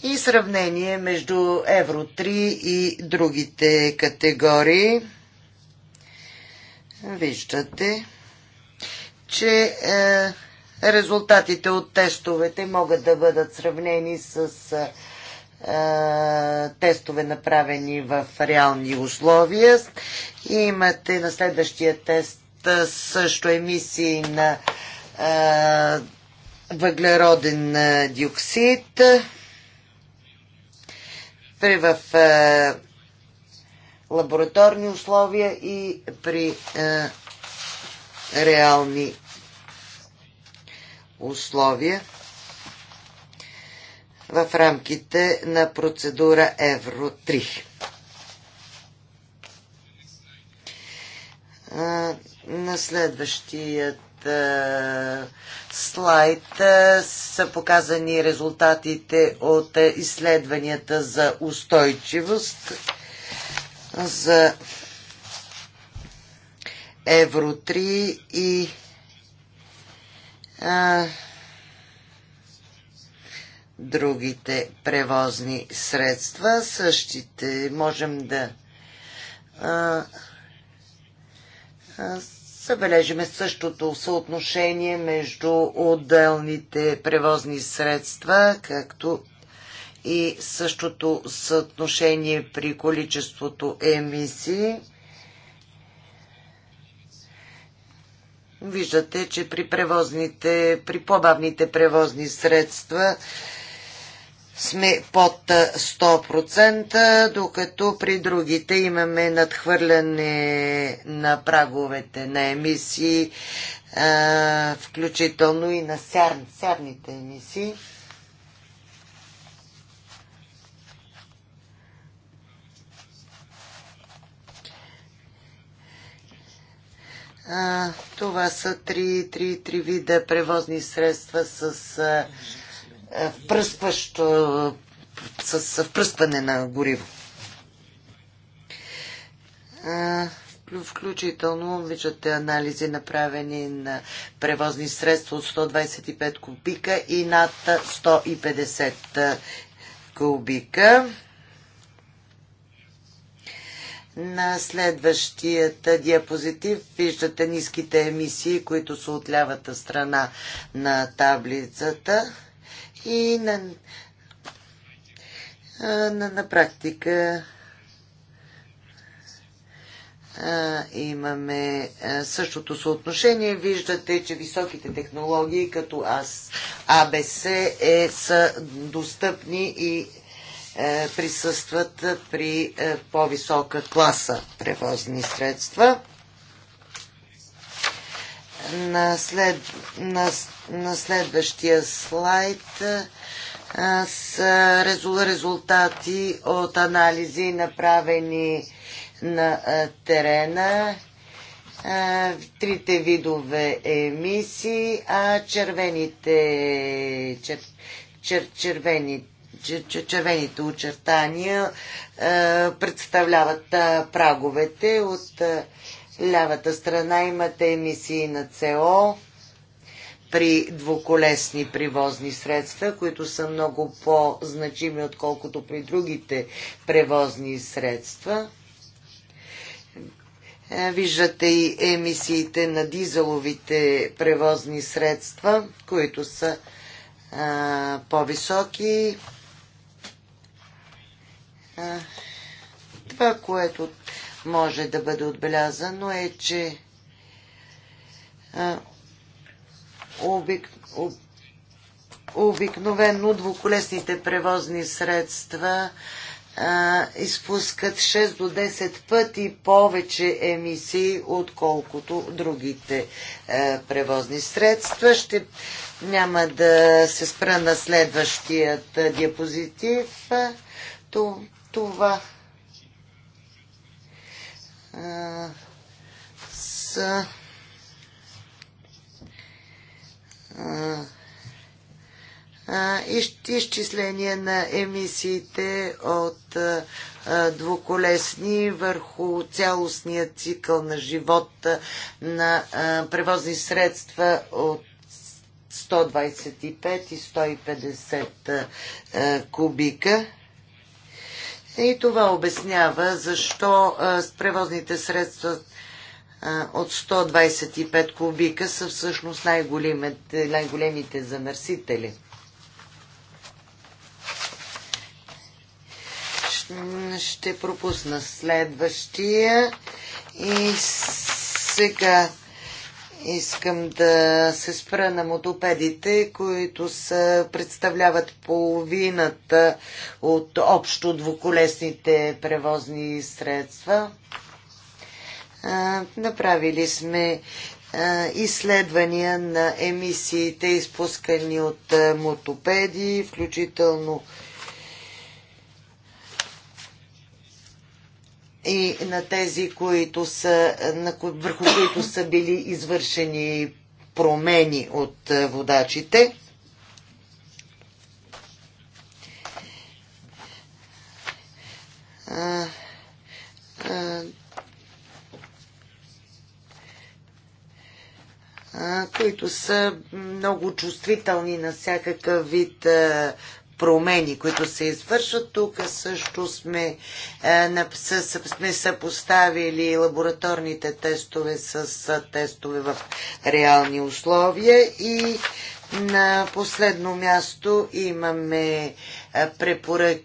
и сравнение между Евро 3 и другите категории. Виждате, че е, резултатите от тестовете могат да бъдат сравнени с тестове направени в реални условия. и Имате на следващия тест също емисии на въглероден диоксид. При в лабораторни условия и при реални условия в рамките на процедура Евро 3. На следващият слайд са показани резултатите от изследванията за устойчивост за Евро 3 и а, другите превозни средства. Същите можем да а, а, събележиме същото съотношение между отделните превозни средства, както и същото съотношение при количеството емисии. Виждате, че при, превозните, при по-бавните превозни средства сме под 100%, докато при другите имаме надхвърляне на праговете на емисии, включително и на сярните емисии. А, това са три, три, три вида превозни средства с а, впръскващо, с впръскване на гориво. А, включително виждате анализи направени на превозни средства от 125 кубика и над 150 кубика. На следващият диапозитив виждате ниските емисии, които са от лявата страна на таблицата и на, на, на практика имаме същото съотношение. Виждате, че високите технологии като АБС е, са достъпни и е, присъстват при е, по-висока класа превозни средства. На, след, на, на следващия слайд с е, са резултати от анализи, направени на терена. трите видове емисии, а червените, чер, чер, червените червените очертания е, представляват е, праговете. От е, лявата страна имате емисии на СО при двуколесни превозни средства, които са много по-значими, отколкото при другите превозни средства. Виждате и емисиите на дизеловите превозни средства, които са по-високи. Това, което може да бъде отбелязано е, че обик, обикновено двуколесните превозни средства изпускат 6 до 10 пъти повече емисии, отколкото другите е, превозни средства. Ще няма да се спра на следващият е, диапозитив. То това а, са а, изчисление на емисиите от двуколесни върху цялостния цикъл на живота на превозни средства от 125 и 150 кубика. И това обяснява защо превозните средства от 125 кубика са всъщност най-големите, най-големите замърсители. Ще пропусна следващия и сега Искам да се спра на мотопедите, които са, представляват половината от общо двуколесните превозни средства. А, направили сме изследвания на емисиите, изпускани от мотопеди, включително и на тези, които са, на, върху които са били извършени промени от е, водачите. които са много чувствителни на всякакъв вид е, промени, които се извършват. Тук също сме, е, сме съпоставили лабораторните тестове с, с тестове в реални условия и на последно място имаме е, препоръки.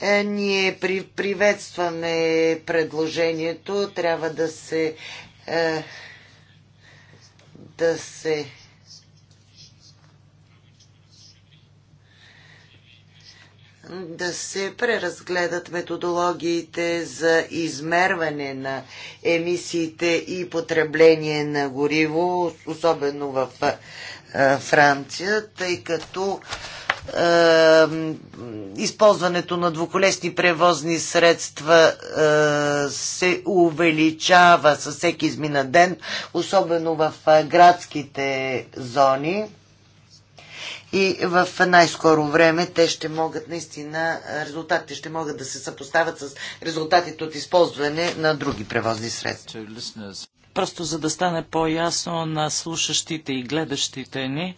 Е, ние при, приветстваме предложението. Трябва да се е, да се да се преразгледат методологиите за измерване на емисиите и потребление на гориво, особено в Франция, тъй като използването на двуколесни превозни средства се увеличава със всеки измина ден, особено в градските зони и в най-скоро време те ще могат наистина, резултатите ще могат да се съпоставят с резултатите от използване на други превозни средства. Просто за да стане по-ясно на слушащите и гледащите ни,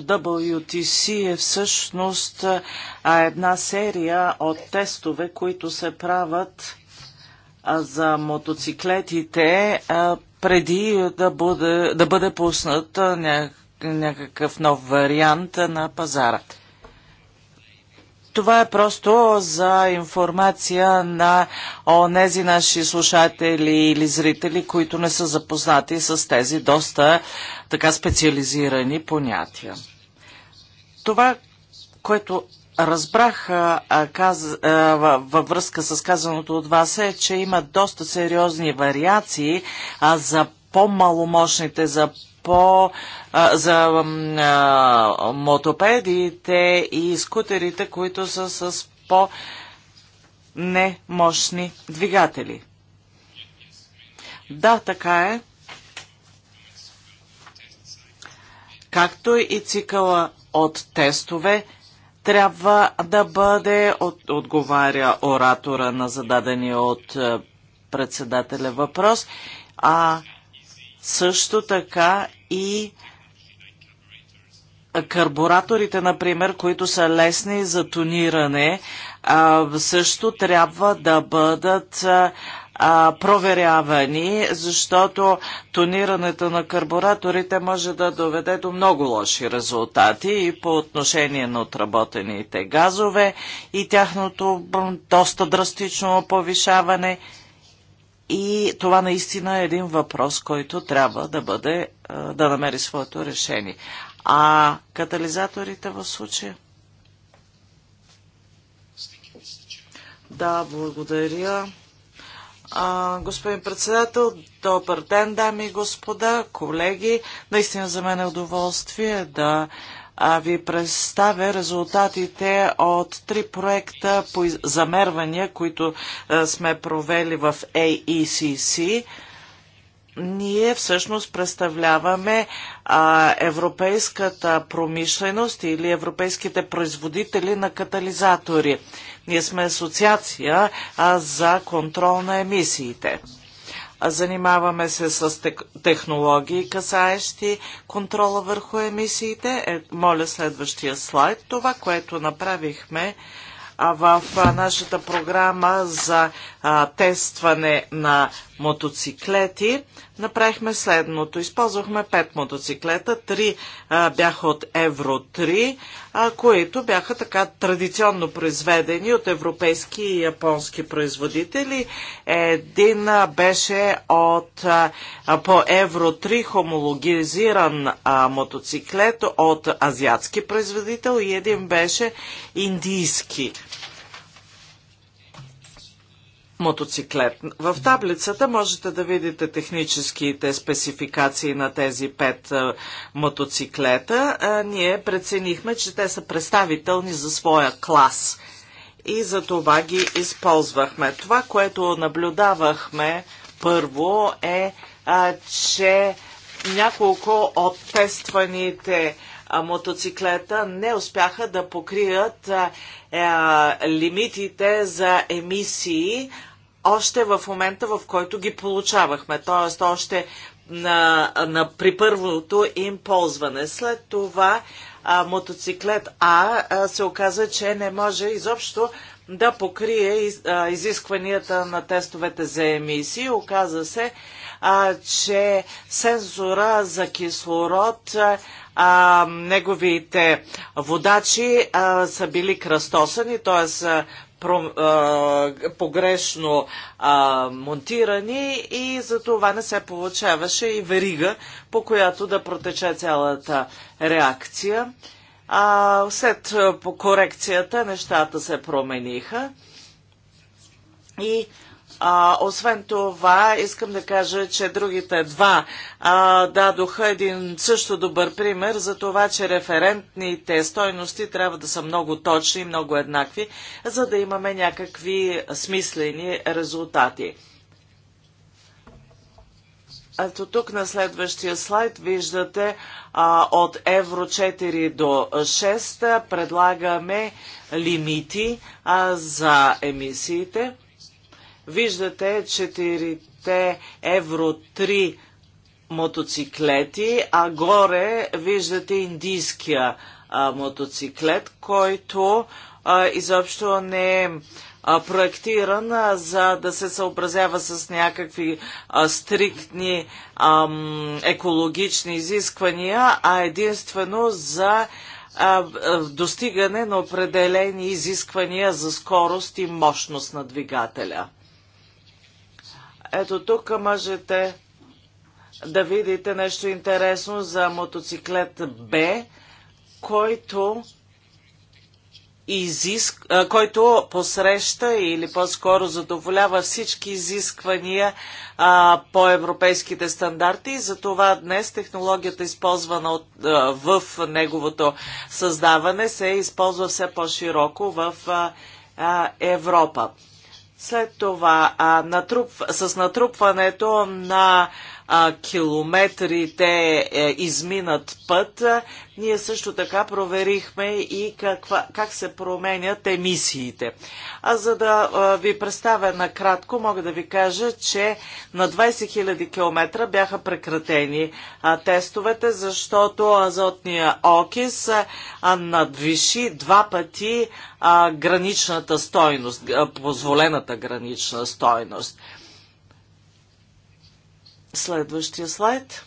WTC е всъщност една серия от тестове, които се правят за мотоциклетите преди да бъде, да бъде пуснат някакъв нов вариант на пазара. Това е просто за информация на онези наши слушатели или зрители, които не са запознати с тези доста така специализирани понятия. Това, което разбрах а, каз, а, във връзка с казаното от вас е, че има доста сериозни вариации а, за по-маломощните, за по, а, за а, мотопедите и скутерите, които са с по-немощни двигатели. Да, така е. Както и цикъла от тестове – трябва да бъде от, отговаря оратора на зададения от е, председателя въпрос, а също така и карбураторите, например, които са лесни за тониране, също трябва да бъдат е, а, проверявани, защото тонирането на карбураторите може да доведе до много лоши резултати и по отношение на отработените газове и тяхното доста драстично повишаване. И това наистина е един въпрос, който трябва да бъде, да намери своето решение. А катализаторите в случая? Да, благодаря. А, господин председател, добър ден, дами и господа, колеги. Наистина за мен е удоволствие да ви представя резултатите от три проекта по замервания, които сме провели в AECC ние всъщност представляваме а, европейската промишленост или европейските производители на катализатори. Ние сме асоциация а, за контрол на емисиите. А, занимаваме се с тек- технологии, касаещи контрола върху емисиите. Е, моля следващия слайд. Това, което направихме в нашата програма за а, тестване на мотоциклети, направихме следното. Използвахме 5 мотоциклета, 3 а, бяха от Евро 3, а, които бяха така традиционно произведени от европейски и японски производители. Един а, беше от а, по Евро 3 хомологизиран а, мотоциклет от азиатски производител и един беше индийски мотоциклет. В таблицата можете да видите техническите спецификации на тези пет е, мотоциклета. Е, ние преценихме, че те са представителни за своя клас и за това ги използвахме. Това, което наблюдавахме първо е, е че няколко от тестваните мотоциклета не успяха да покрият лимитите за емисии още в момента, в който ги получавахме, т.е. още на, на, при първото им ползване. След това а, мотоциклет А, а се оказа, че не може изобщо да покрие из, а, изискванията на тестовете за емисии. Оказа се, а, че сензора за кислород, а, неговите водачи а, са били кръстосани, т.е погрешно монтирани и за това не се получаваше и верига, по която да протече цялата реакция. А, след корекцията нещата се промениха и а, освен това, искам да кажа, че другите два а, дадоха един също добър пример за това, че референтните стойности трябва да са много точни и много еднакви, за да имаме някакви смислени резултати. Ето тук на следващия слайд виждате а, от евро 4 до 6 предлагаме лимити а, за емисиите. Виждате четирите евро 3 мотоциклети, а горе виждате индийския а, мотоциклет, който а, изобщо не е а, проектиран а, за да се съобразява с някакви а, стриктни а, екологични изисквания, а единствено за а, достигане на определени изисквания за скорост и мощност на двигателя. Ето тук можете да видите нещо интересно за мотоциклет Б, който изиск... който посреща или по-скоро задоволява всички изисквания а, по европейските стандарти. Затова днес технологията, използвана от, а, в неговото създаване, се използва все по-широко в а, а, Европа. След това а, натруп, с натрупването на километри километрите е, изминат път, ние също така проверихме и каква, как се променят емисиите. А за да ви представя накратко, мога да ви кажа, че на 20 000 км бяха прекратени тестовете, защото азотния окис надвиши два пъти граничната стойност, позволената гранична стойност. Следващия слайд.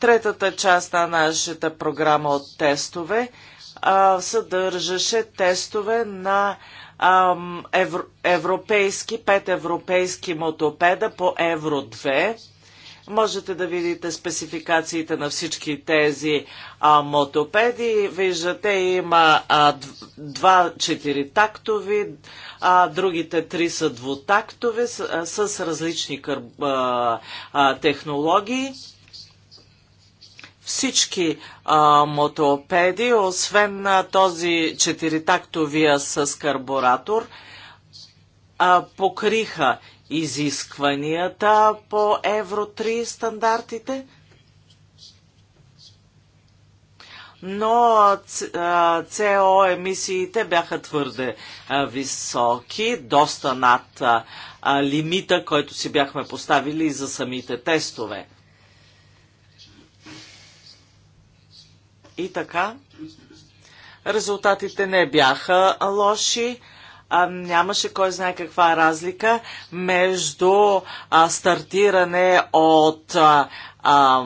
Третата част на нашата програма от тестове а, съдържаше тестове на а, евро, европейски, пет европейски мотопеда по Евро 2 Можете да видите спецификациите на всички тези а, мотопеди. Виждате, има а, два тактови, а другите три са двутактови с, а, с различни кър, а, а, технологии. Всички а, мотопеди, освен а, този четиритактовия с карбуратор, а, покриха изискванията по Евро 3 стандартите? но СО емисиите бяха твърде високи, доста над лимита, който си бяхме поставили за самите тестове. И така, резултатите не бяха лоши а, нямаше кой знае каква разлика между а, стартиране от а, а,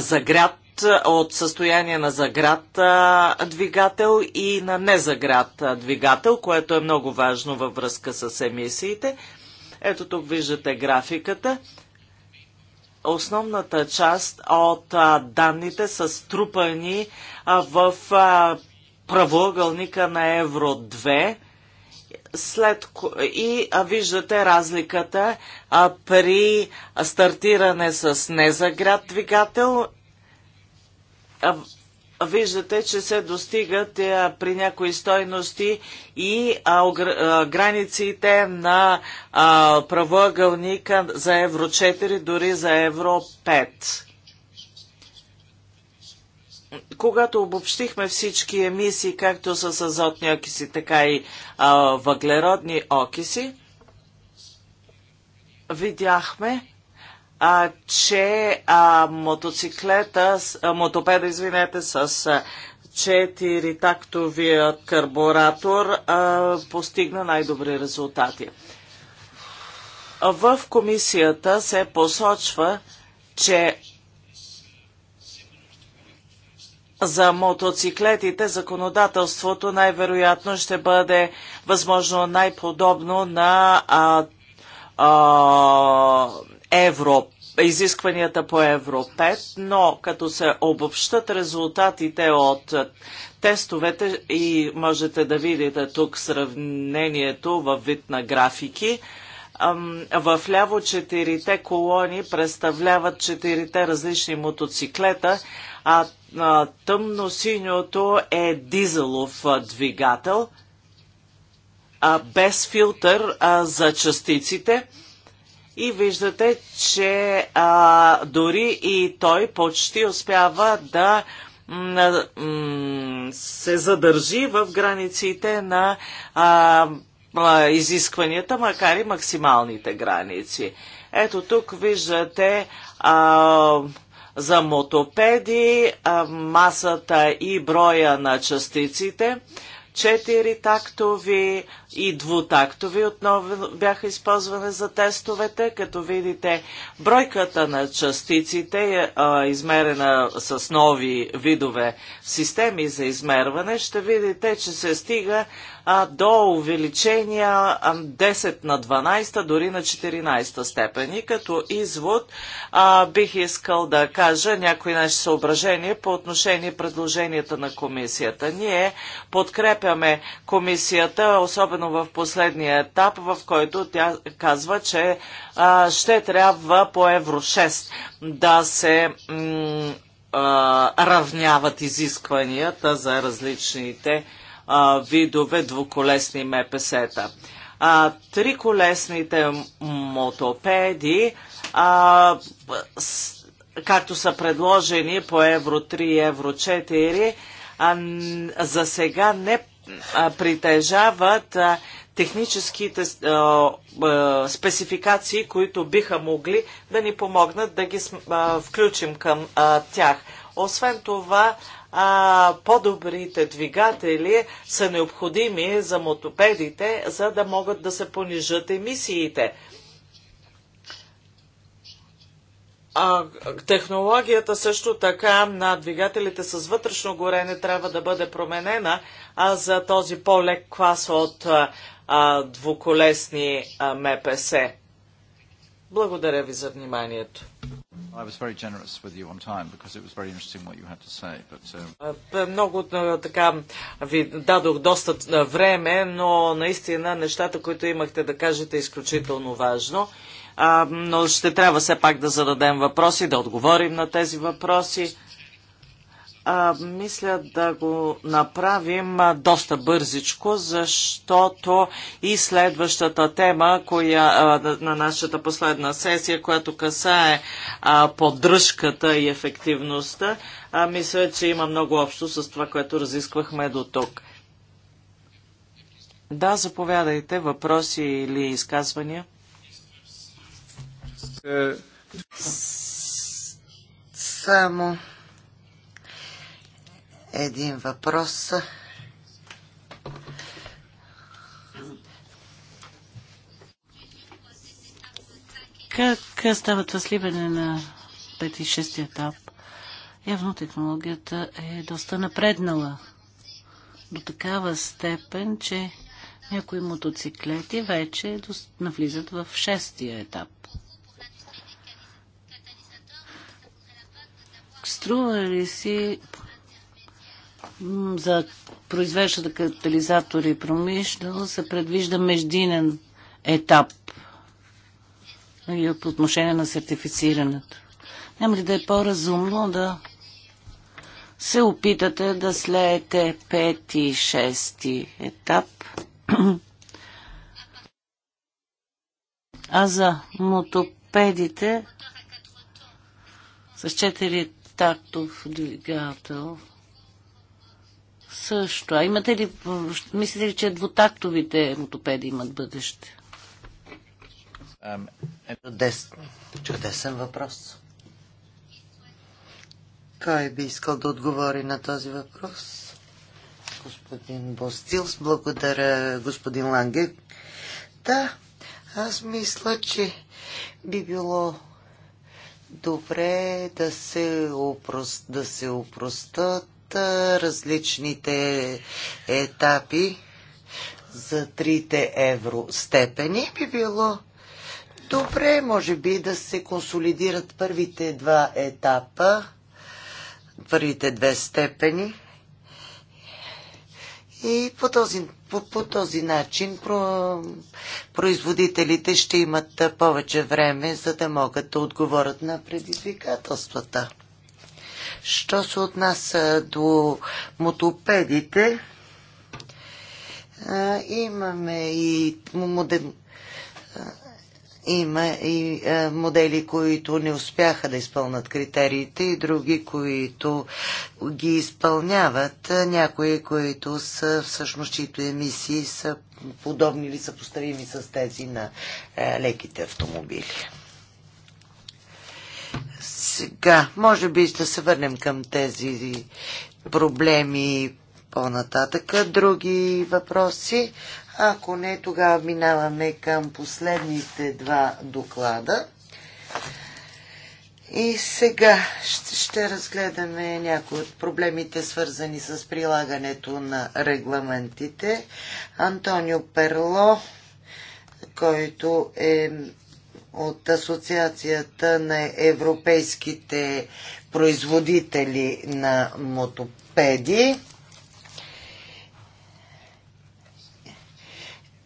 загряд от състояние на заград а, двигател и на незаград а, двигател, което е много важно във връзка с емисиите. Ето тук виждате графиката. Основната част от а, данните са струпани а, в а, правоъгълника на Евро 2 след, и а, виждате разликата а, при стартиране с незаград двигател. А, виждате, че се достигат а, при някои стойности и а, а, границите на а, правоъгълника за Евро 4, дори за Евро 5 когато обобщихме всички емисии, както с азотни окиси, така и а, въглеродни окиси, видяхме, а, че а, мотоциклета, а, мотопеда, извинете, с а, 4 тактовия карбуратор а, постигна най-добри резултати. В комисията се посочва, че за мотоциклетите законодателството най-вероятно ще бъде възможно най-подобно на а, а, Европа изискванията по Евро 5, но като се обобщат резултатите от тестовете и можете да видите тук сравнението във вид на графики – в ляво четирите колони представляват четирите различни мотоциклета, а, тъмно-синьото е дизелов двигател без филтър за частиците. И виждате, че а, дори и той почти успява да се задържи в границите на а, изискванията, макар и максималните граници. Ето тук виждате а, за мотопеди а, масата и броя на частиците, 4 тактови, и двутактови отново бяха използвани за тестовете. Като видите бройката на частиците, е измерена с нови видове системи за измерване, ще видите, че се стига а, до увеличения 10 на 12, дори на 14 степени. Като извод а, бих искал да кажа някои наши съображения по отношение предложенията на комисията. Ние подкрепяме комисията, особено особено в последния етап, в който тя казва, че а, ще трябва по Евро 6 да се а, равняват изискванията за различните а, видове двуколесни МПС-та. А, триколесните мотопеди а, с, както са предложени по Евро 3 и Евро 4, а, за сега не притежават техническите спецификации, които биха могли да ни помогнат да ги включим към тях. Освен това, по-добрите двигатели са необходими за мотопедите, за да могат да се понижат емисиите. А, технологията също така на двигателите с вътрешно горене трябва да бъде променена, а за този по-лек клас от а, двуколесни а, МПС. Благодаря ви за вниманието. Time, say, but... Um, много така ви дадох доста време, но наистина нещата, които имахте да кажете, е изключително важно. А, но ще трябва все пак да зададем въпроси, да отговорим на тези въпроси а, мисля да го направим а, доста бързичко, защото и следващата тема коя, а, на нашата последна сесия, която касае а, поддръжката и ефективността, а, мисля, че има много общо с това, което разисквахме до тук. Да, заповядайте, въпроси или изказвания. Е, само един въпрос. Как става това сливане на 5-6 етап? Явно технологията е доста напреднала. До такава степен, че някои мотоциклети вече навлизат в шестия етап. Струва ли си за произвеждата катализатори и промишленост се предвижда междинен етап е по отношение на сертифицирането. Няма ли да е по-разумно да се опитате да слеете пети и шести етап? А за мотопедите с четири тактов двигател – също. А имате ли, мислите ли, че двутактовите мотопеди имат бъдеще? Е- Чудес, чудесен въпрос. Кой би искал да отговори на този въпрос? Господин Бостилс, благодаря господин Ланге. Да, аз мисля, че би било добре да се, упрост, да се упростат различните етапи за трите степени Би било добре, може би, да се консолидират първите два етапа, първите две степени. И по този, по, по този начин про, производителите ще имат повече време, за да могат да отговорят на предизвикателствата. Що се отнася до мотопедите, имаме и Има и модели, които не успяха да изпълнат критериите и други, които ги изпълняват. Някои, които са всъщност, чието емисии са подобни или съпоставими с тези на леките автомобили. Сега, може би ще се върнем към тези проблеми по-нататък. Други въпроси? Ако не, тогава минаваме към последните два доклада. И сега ще, ще разгледаме някои от проблемите, свързани с прилагането на регламентите. Антонио Перло, който е от Асоциацията на европейските производители на мотопеди.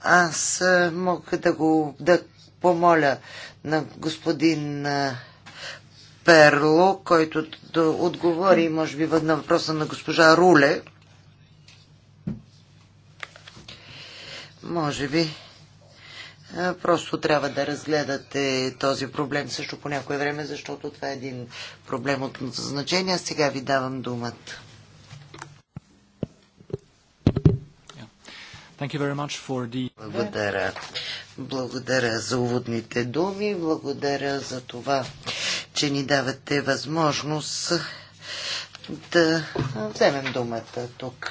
Аз мога да го да помоля на господин Перло, който да отговори, може би, на въпроса на госпожа Руле. Може би. Е, просто трябва да разгледате този проблем също по някое време, защото това е един проблем от значение. А сега ви давам думата. The... Благодаря. Благодаря за уводните думи, благодаря за това, че ни давате възможност да вземем думата тук.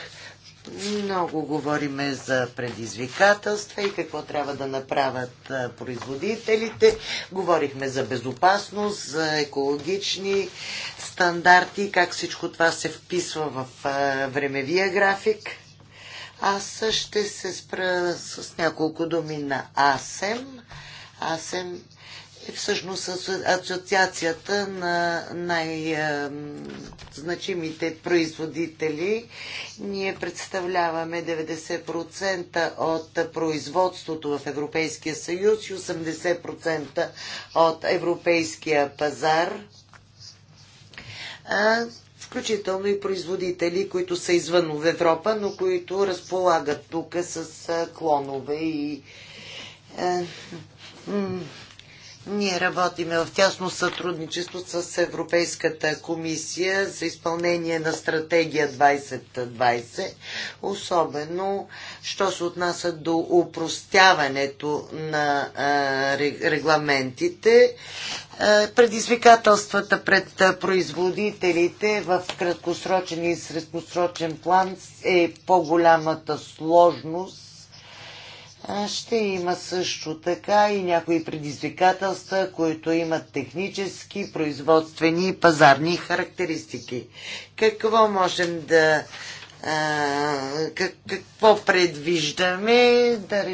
Много говориме за предизвикателства и какво трябва да направят производителите. Говорихме за безопасност, за екологични стандарти, как всичко това се вписва в времевия график. Аз ще се спра с няколко думи на АСЕМ. АСЕМ всъщност асоциацията на най-значимите производители. Ние представляваме 90% от производството в Европейския съюз и 80% от европейския пазар. Включително и производители, които са извън в Европа, но които разполагат тук с клонове и ние работиме в тясно сътрудничество с Европейската комисия за изпълнение на стратегия 2020, особено, що се отнася до упростяването на регламентите, предизвикателствата пред производителите в краткосрочен и средносрочен план е по-голямата сложност ще има също така и някои предизвикателства, които имат технически, производствени и пазарни характеристики. Какво можем да. А, как, какво предвиждаме? Да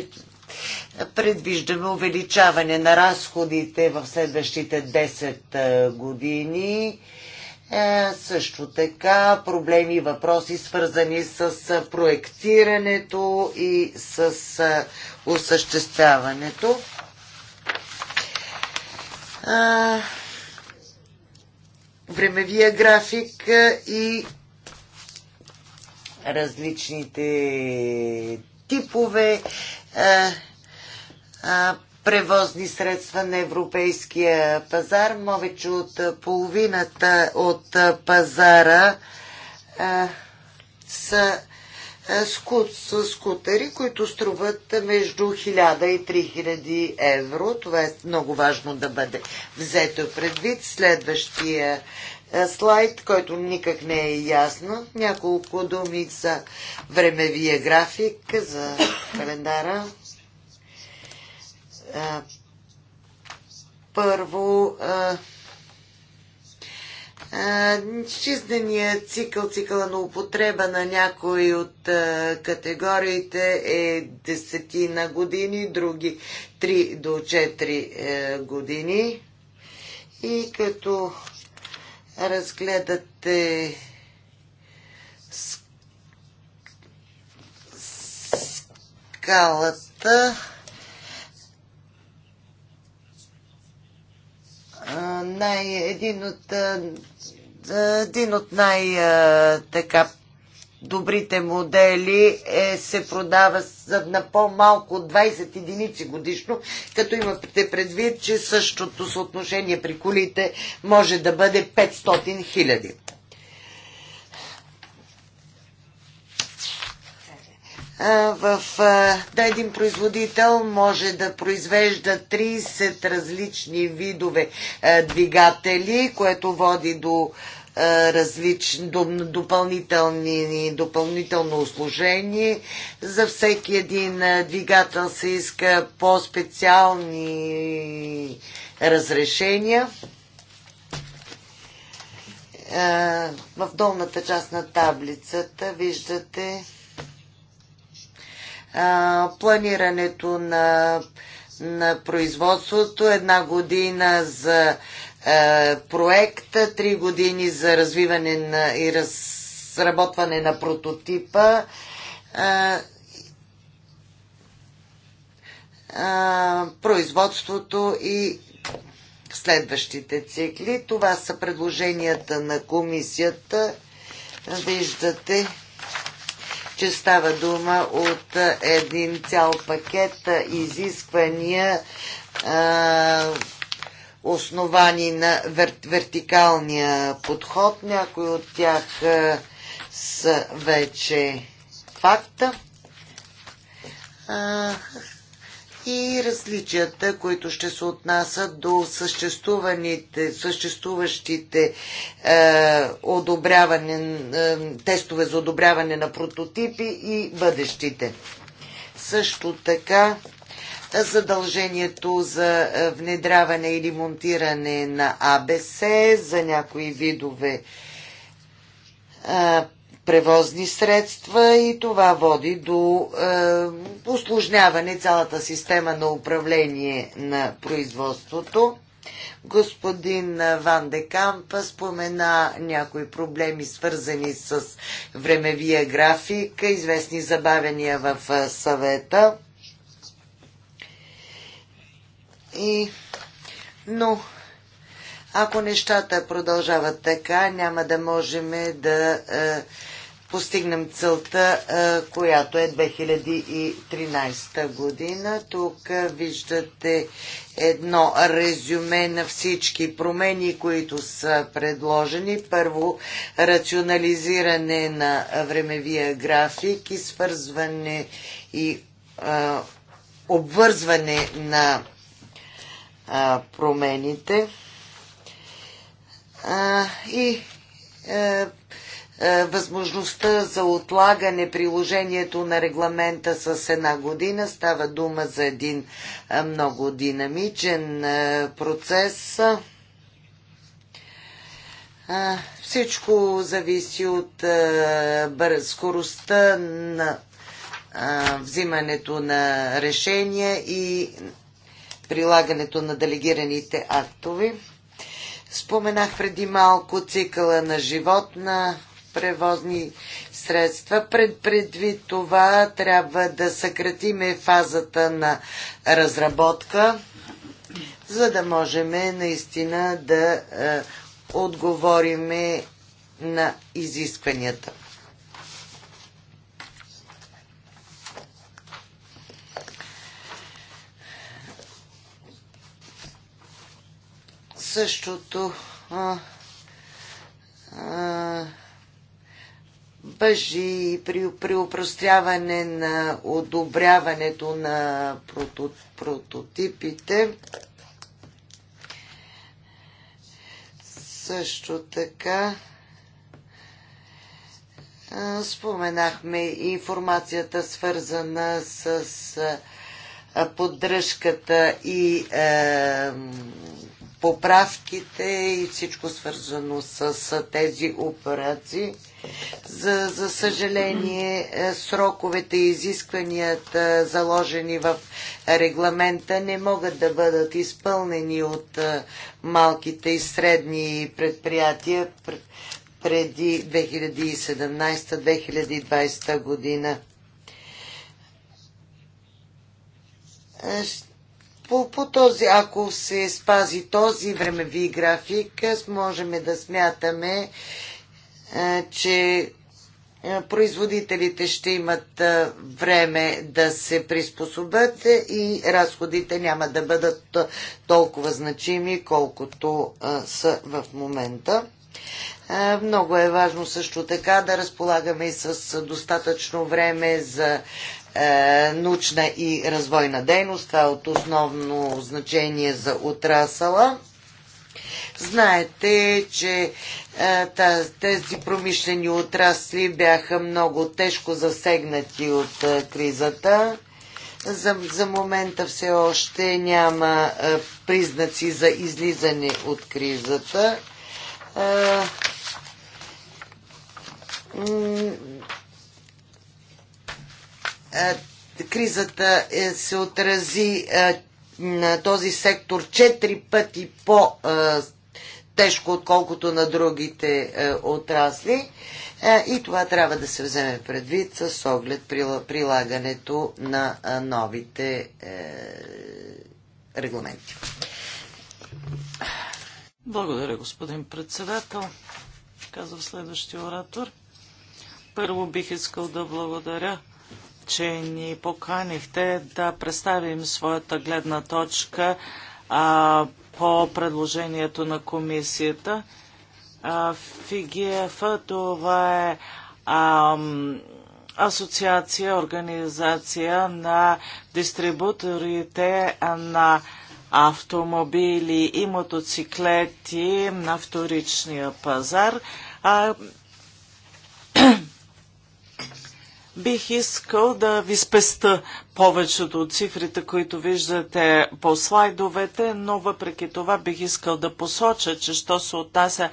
предвиждаме увеличаване на разходите в следващите 10 години е, също така проблеми и въпроси, свързани с проектирането и с осъществяването. Времевия график и различните типове превозни средства на европейския пазар. Повече от половината от пазара а, са скут, скутери, които струват между 1000 и 3000 евро. Това е много важно да бъде взето предвид. Следващия слайд, който никак не е ясно. Няколко думи за времевия график, за календара първо, а, цикъл, цикъла на употреба на някои от категориите е десетина години, други 3 до 4 е, години. И като разгледате скалата, най, един от, един от най-така добрите модели е, се продава за на по-малко от 20 единици годишно, като имате предвид, че същото съотношение при колите може да бъде 500 хиляди. в да един производител може да произвежда 30 различни видове двигатели, което води до различни допълнителни, допълнително услужение. За всеки един двигател се иска по-специални разрешения. В долната част на таблицата виждате планирането на, на производството, една година за а, проекта, три години за развиване на, и разработване на прототипа. а, производството и следващите цикли. Това са предложенията на комисията. Виждате че става дума от един цял пакет изисквания основани на вер, вертикалния подход. Някои от тях са вече факта и различията, които ще се отнасят до съществуващите е, одобряване, е, тестове за одобряване на прототипи и бъдещите. Също така задължението за внедряване или монтиране на АБС за някои видове е, превозни средства и това води до е, усложняване цялата система на управление на производството. Господин Ван де Кампа спомена някои проблеми, свързани с времевия график, известни забавения в е, съвета. И, но ако нещата продължават така, няма да можем да е, постигнем целта, която е 2013 година. Тук виждате едно резюме на всички промени, които са предложени. Първо, рационализиране на времевия график и свързване и а, обвързване на а, промените. А, и а, е, възможността за отлагане приложението на регламента с една година. Става дума за един е, много динамичен е, процес. Всичко зависи от скоростта на взимането на решения и прилагането на делегираните актови. Споменах преди малко цикъла на живот на превозни средства. Пред, предвид това трябва да съкратиме фазата на разработка, за да можем наистина да е, отговориме на изискванията. Същото а, а, Бъжи при, при упростряване на одобряването на прото, прототипите. Също така споменахме информацията свързана с поддръжката и е, поправките и всичко свързано с тези операции. За, за съжаление, е, сроковете и изискванията, заложени в регламента, не могат да бъдат изпълнени от е, малките и средни предприятия преди 2017-2020 година. Е, по, по този, ако се спази този времеви график, можем да смятаме, е, че е, производителите ще имат е, време да се приспособят и разходите няма да бъдат толкова значими, колкото са в момента. Много е важно също така да разполагаме и с достатъчно време за научна и развойна дейност. Това е от основно значение за отрасала. Знаете, че е, тези промишлени отрасли бяха много тежко засегнати от е, кризата. За, за момента все още няма е, признаци за излизане от кризата кризата се отрази на този сектор четири пъти по тежко, отколкото на другите е, отрасли. Е, и това трябва да се вземе предвид с оглед прилагането на е, новите е, регламенти. Благодаря, господин председател. Казва следващия оратор. Първо бих искал да благодаря, че ни поканихте да представим своята гледна точка а, по предложението на комисията. ФИГИЕФ това е ам, асоциация, организация на дистрибуторите на автомобили и мотоциклети на вторичния пазар. А, Бих искал да ви спеста повечето от цифрите, които виждате по слайдовете, но въпреки това бих искал да посоча, че що се отнася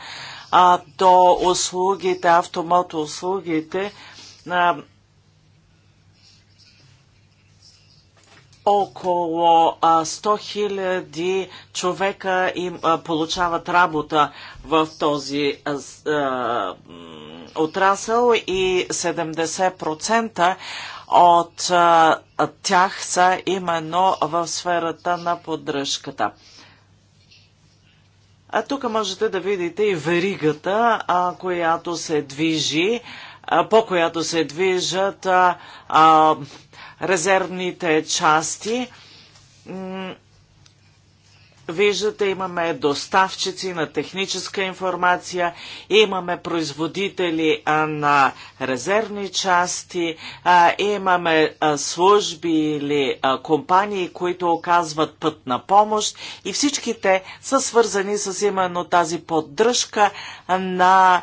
до услугите, автомото услугите, а, около 100 000 човека им получават работа в този отрасъл и 70% от тях са именно в сферата на поддръжката. А тук можете да видите и веригата, а, която се движи, а, по която се движат а, а, резервните части. Виждате, имаме доставчици на техническа информация, имаме производители на резервни части, имаме служби или компании, които оказват път на помощ и всички те са свързани с именно тази поддръжка на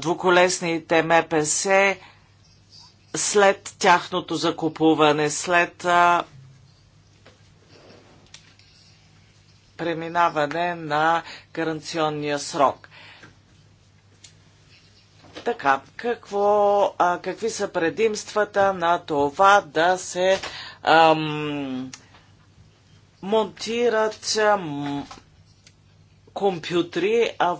двуколесните МПС, след тяхното закупуване, след а, преминаване на гаранционния срок. Така, какво, а, какви са предимствата на това да се ам, монтират ам, компютри а,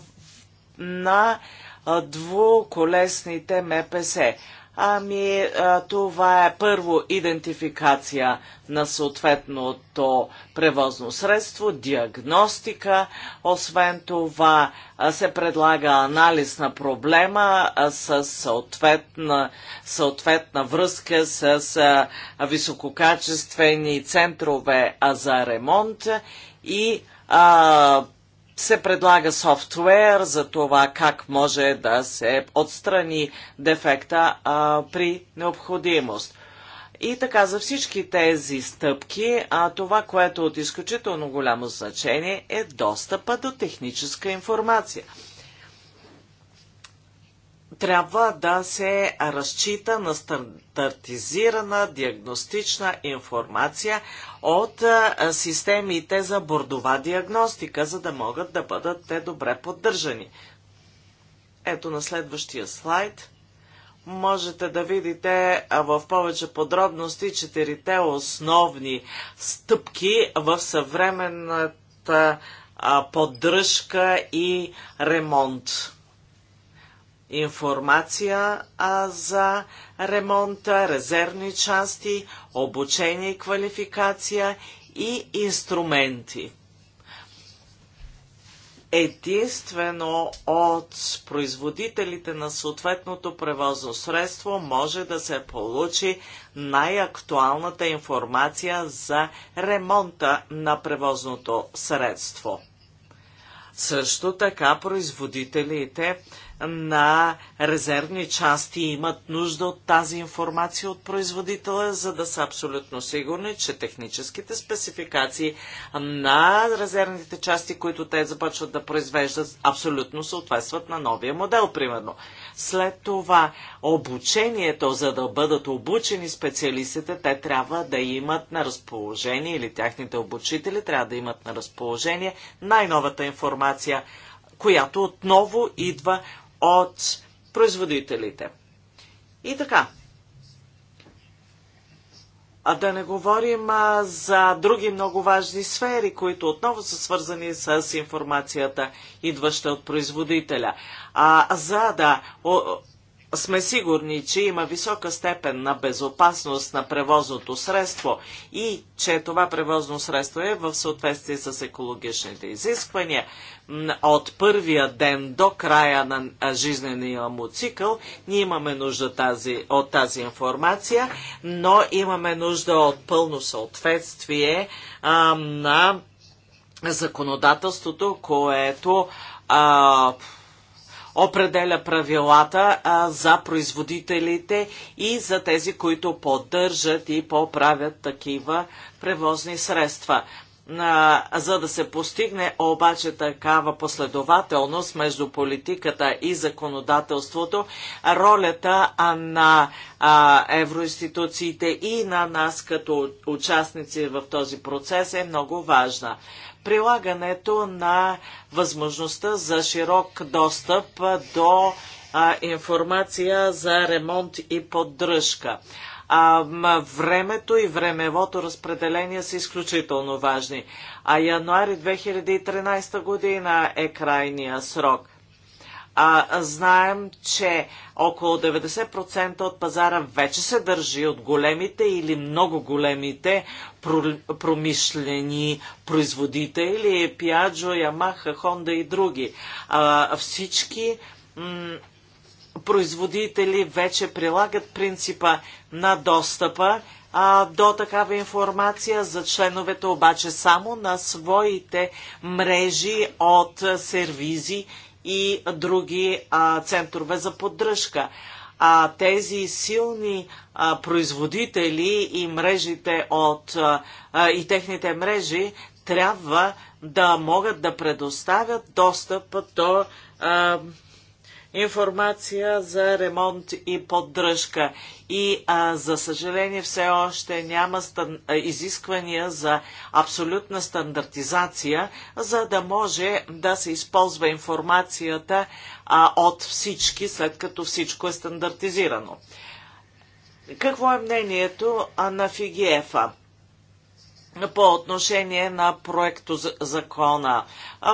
на а, двуколесните МПС? Ами, това е първо идентификация на съответното превозно средство, диагностика. Освен това се предлага анализ на проблема с съответна, съответна връзка с висококачествени центрове за ремонт и а, се предлага софтуер за това как може да се отстрани дефекта а, при необходимост. И така, за всички тези стъпки, а това, което е от изключително голямо значение, е достъпа до техническа информация трябва да се разчита на стандартизирана диагностична информация от системите за бордова диагностика, за да могат да бъдат те добре поддържани. Ето на следващия слайд можете да видите в повече подробности четирите основни стъпки в съвременната поддръжка и ремонт информация а, за ремонта, резервни части, обучение и квалификация и инструменти. Единствено от производителите на съответното превозно средство може да се получи най-актуалната информация за ремонта на превозното средство. Също така производителите на резервни части имат нужда от тази информация от производителя, за да са абсолютно сигурни, че техническите спецификации на резервните части, които те започват да произвеждат, абсолютно съответстват на новия модел, примерно. След това обучението, за да бъдат обучени специалистите, те трябва да имат на разположение или тяхните обучители трябва да имат на разположение най-новата информация, която отново идва от производителите. И така. А да не говорим а, за други много важни сфери, които отново са свързани с информацията, идваща от производителя. А за да о, сме сигурни, че има висока степен на безопасност на превозното средство и че това превозно средство е в съответствие с екологичните изисквания, от първия ден до края на жизнения му цикъл, ние имаме нужда тази, от тази информация, но имаме нужда от пълно съответствие а, на законодателството, което а, определя правилата а, за производителите и за тези, които поддържат и поправят такива превозни средства. А, за да се постигне обаче такава последователност между политиката и законодателството, ролята а, на а, евроинституциите и на нас като участници в този процес е много важна прилагането на възможността за широк достъп до а, информация за ремонт и поддръжка. А, времето и времевото разпределение са изключително важни. А януари 2013 година е крайния срок. А, знаем, че около 90% от пазара вече се държи от големите или много големите промишлени производители, Piaggio, Yamaha, Honda и други. А, всички производители вече прилагат принципа на достъпа а, до такава информация за членовете обаче само на своите мрежи от сервизи и други а, центрове за поддръжка. А тези силни а, производители и мрежите от а, и техните мрежи трябва да могат да предоставят достъп до а, информация за ремонт и поддръжка. И а, за съжаление все още няма стан... изисквания за абсолютна стандартизация, за да може да се използва информацията а, от всички, след като всичко е стандартизирано. Какво е мнението на Фигиефа? по отношение на проекто закона,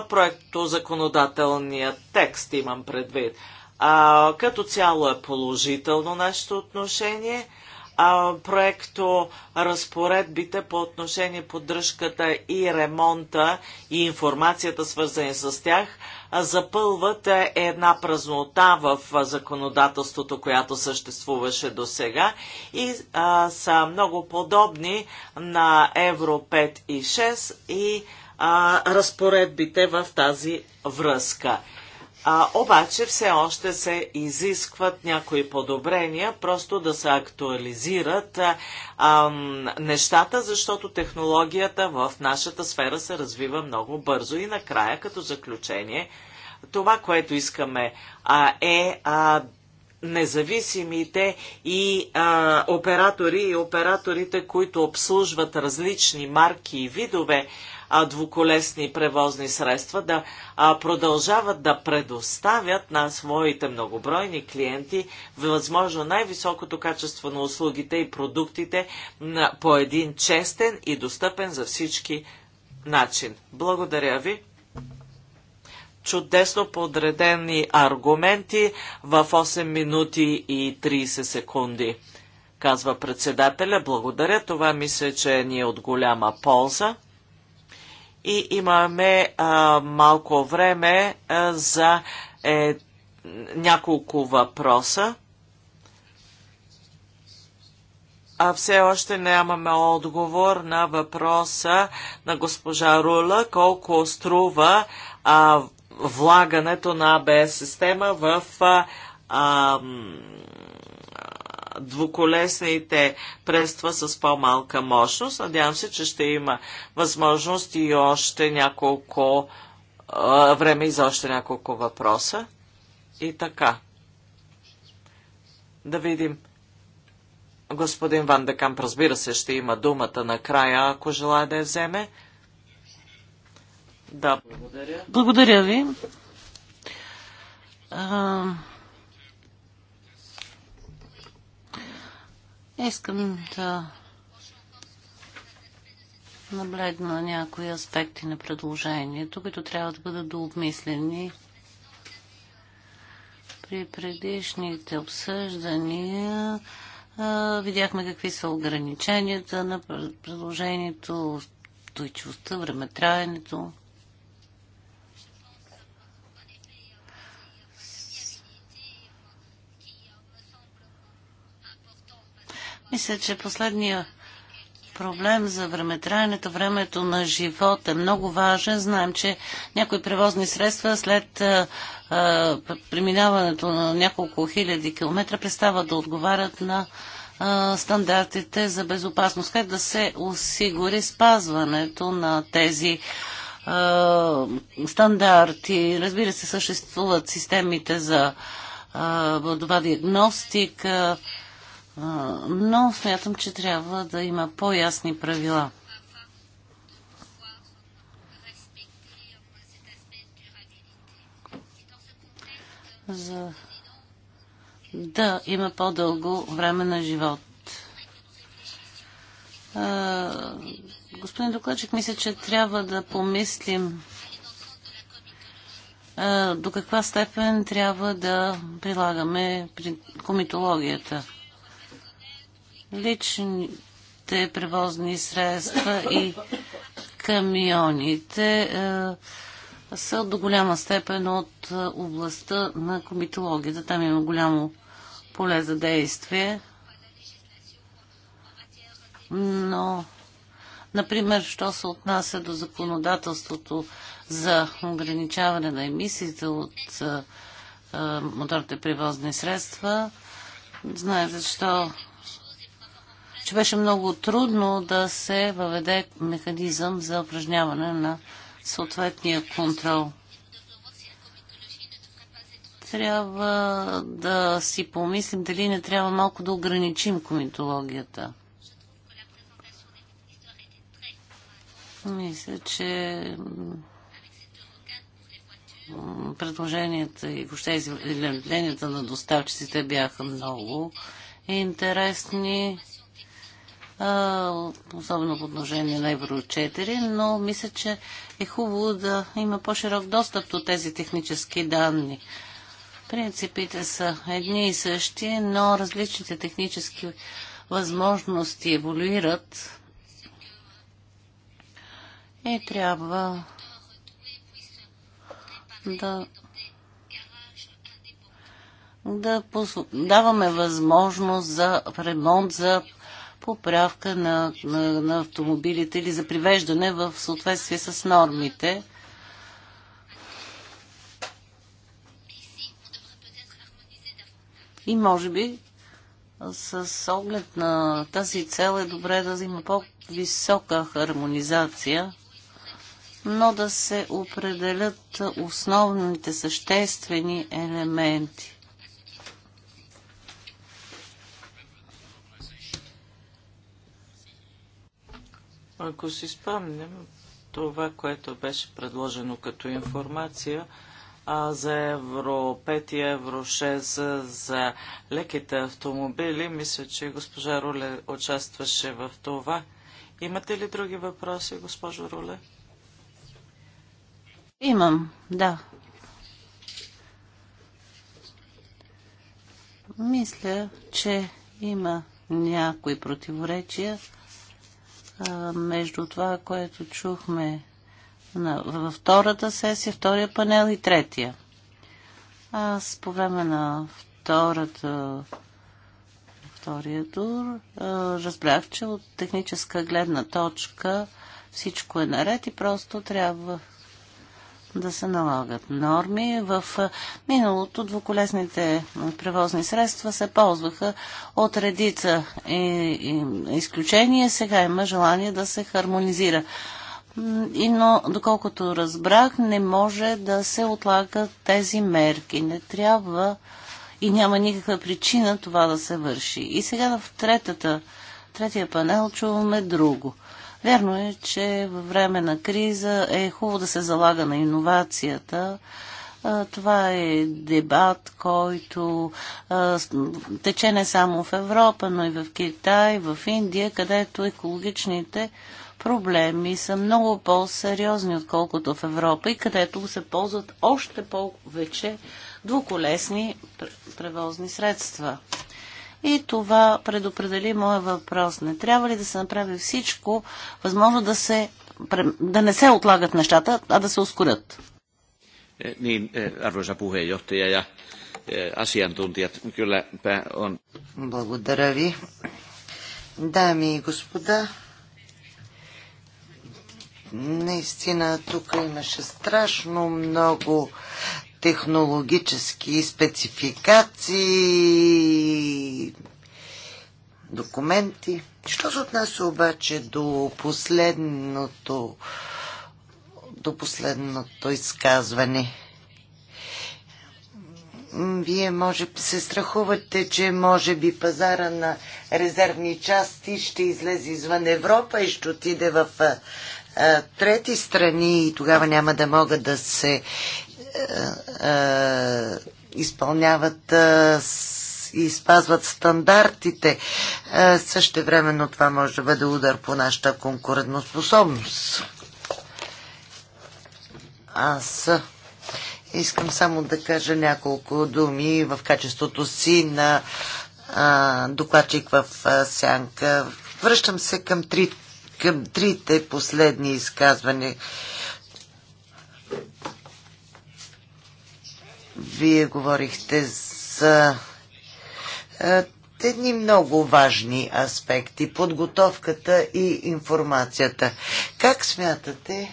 проекто законодателния текст имам предвид. А, като цяло е положително нашето отношение. А, проекто разпоредбите по отношение поддръжката и ремонта и информацията свързани с тях – запълват е, една празнота в законодателството, която съществуваше до сега и а, са много подобни на Евро 5 и 6 и а, разпоредбите в тази връзка. А, обаче все още се изискват някои подобрения, просто да се актуализират а, а, нещата, защото технологията в нашата сфера се развива много бързо. И накрая, като заключение, това, което искаме а, е а, независимите и а, оператори и операторите, които обслужват различни марки и видове а, двуколесни превозни средства да а, продължават да предоставят на своите многобройни клиенти възможно най-високото качество на услугите и продуктите на, по един честен и достъпен за всички начин. Благодаря ви. Чудесно подредени аргументи в 8 минути и 30 секунди казва председателя. Благодаря, това мисля, че ни е от голяма полза и имаме а, малко време а, за е, няколко въпроса. А все още нямаме отговор на въпроса на госпожа Рула колко струва а, влагането на АБС система в а, а, двуколесните предства с по-малка мощност. Надявам се, че ще има възможност и още няколко а, време и за още няколко въпроса. И така. Да видим. Господин Ван Декамп, разбира се, ще има думата накрая, ако желая да я вземе. Да, благодаря. Благодаря ви. А, Искам да наблегна някои аспекти на предложението, които трябва да бъдат дообмислени. При предишните обсъждания видяхме какви са ограниченията на предложението, стойчивостта, времетраенето. Мисля, че последния проблем за времетраенето, времето на живот е много важен. Знаем, че някои превозни средства след а, а, преминаването на няколко хиляди километра престават да отговарят на а, стандартите за безопасност. Как да се осигури спазването на тези а, стандарти? Разбира се, съществуват системите за а, диагностика, но смятам, че трябва да има по-ясни правила. За да има по-дълго време на живот. Господин докладчик, мисля, че трябва да помислим до каква степен трябва да прилагаме комитологията личните превозни средства и камионите е, са до голяма степен от е, областта на комитологията. Там има голямо поле за действие. Но, например, що се отнася до законодателството за ограничаване на емисиите от е, е моторните превозни средства, знаете, защо че беше много трудно да се въведе механизъм за упражняване на съответния контрол. Трябва да си помислим дали не трябва малко да ограничим комитологията. Мисля, че предложенията и въобще изявленията на доставчиците бяха много интересни особено по отношение на Евро 4, но мисля, че е хубаво да има по-широк достъп до тези технически данни. Принципите са едни и същи, но различните технически възможности еволюират и трябва да да даваме възможност за ремонт за поправка на, на, на автомобилите или за привеждане в съответствие с нормите. И може би с оглед на тази цел е добре да има по-висока хармонизация, но да се определят основните съществени елементи. Ако си спомням, това, което беше предложено като информация а за Евро 5 и Евро 6 за леките автомобили, мисля, че госпожа Руле участваше в това. Имате ли други въпроси, госпожо Руле? Имам, да. Мисля, че има някои противоречия между това, което чухме във втората сесия, втория панел и третия. Аз по време на втората, втория тур разбрах, че от техническа гледна точка всичко е наред и просто трябва да се налагат норми. В миналото двуколесните превозни средства се ползваха от редица изключения. Сега има желание да се хармонизира. И, но, доколкото разбрах, не може да се отлагат тези мерки. Не трябва и няма никаква причина това да се върши. И сега в третата, третия панел чуваме друго – Верно е, че във време на криза е хубаво да се залага на иновацията. Това е дебат, който тече не само в Европа, но и в Китай, в Индия, където екологичните проблеми са много по-сериозни, отколкото в Европа и където се ползват още по-вече двуколесни превозни средства. И това предопредели моя въпрос. Не трябва ли да се направи всичко, възможно да, се, да не се отлагат нещата, а да се ускорят? Е, niin, е, arvoisa puheenjohtaja ja е, asiantuntijat, on. Благодаря ви. Дами и господа, наистина тук имаше страшно много технологически спецификации, документи. Що се отнася обаче до последното до последното изказване? Вие може се страхувате, че може би пазара на резервни части ще излезе извън Европа и ще отиде в трети страни и тогава няма да могат да се е, е, изпълняват е, и спазват стандартите. Също времено това може да бъде удар по нашата конкурентоспособност. Аз искам само да кажа няколко думи в качеството си на а, докладчик в а, сянка. Връщам се към, три, към трите последни изказвания. Вие говорихте за е, едни много важни аспекти подготовката и информацията. Как смятате,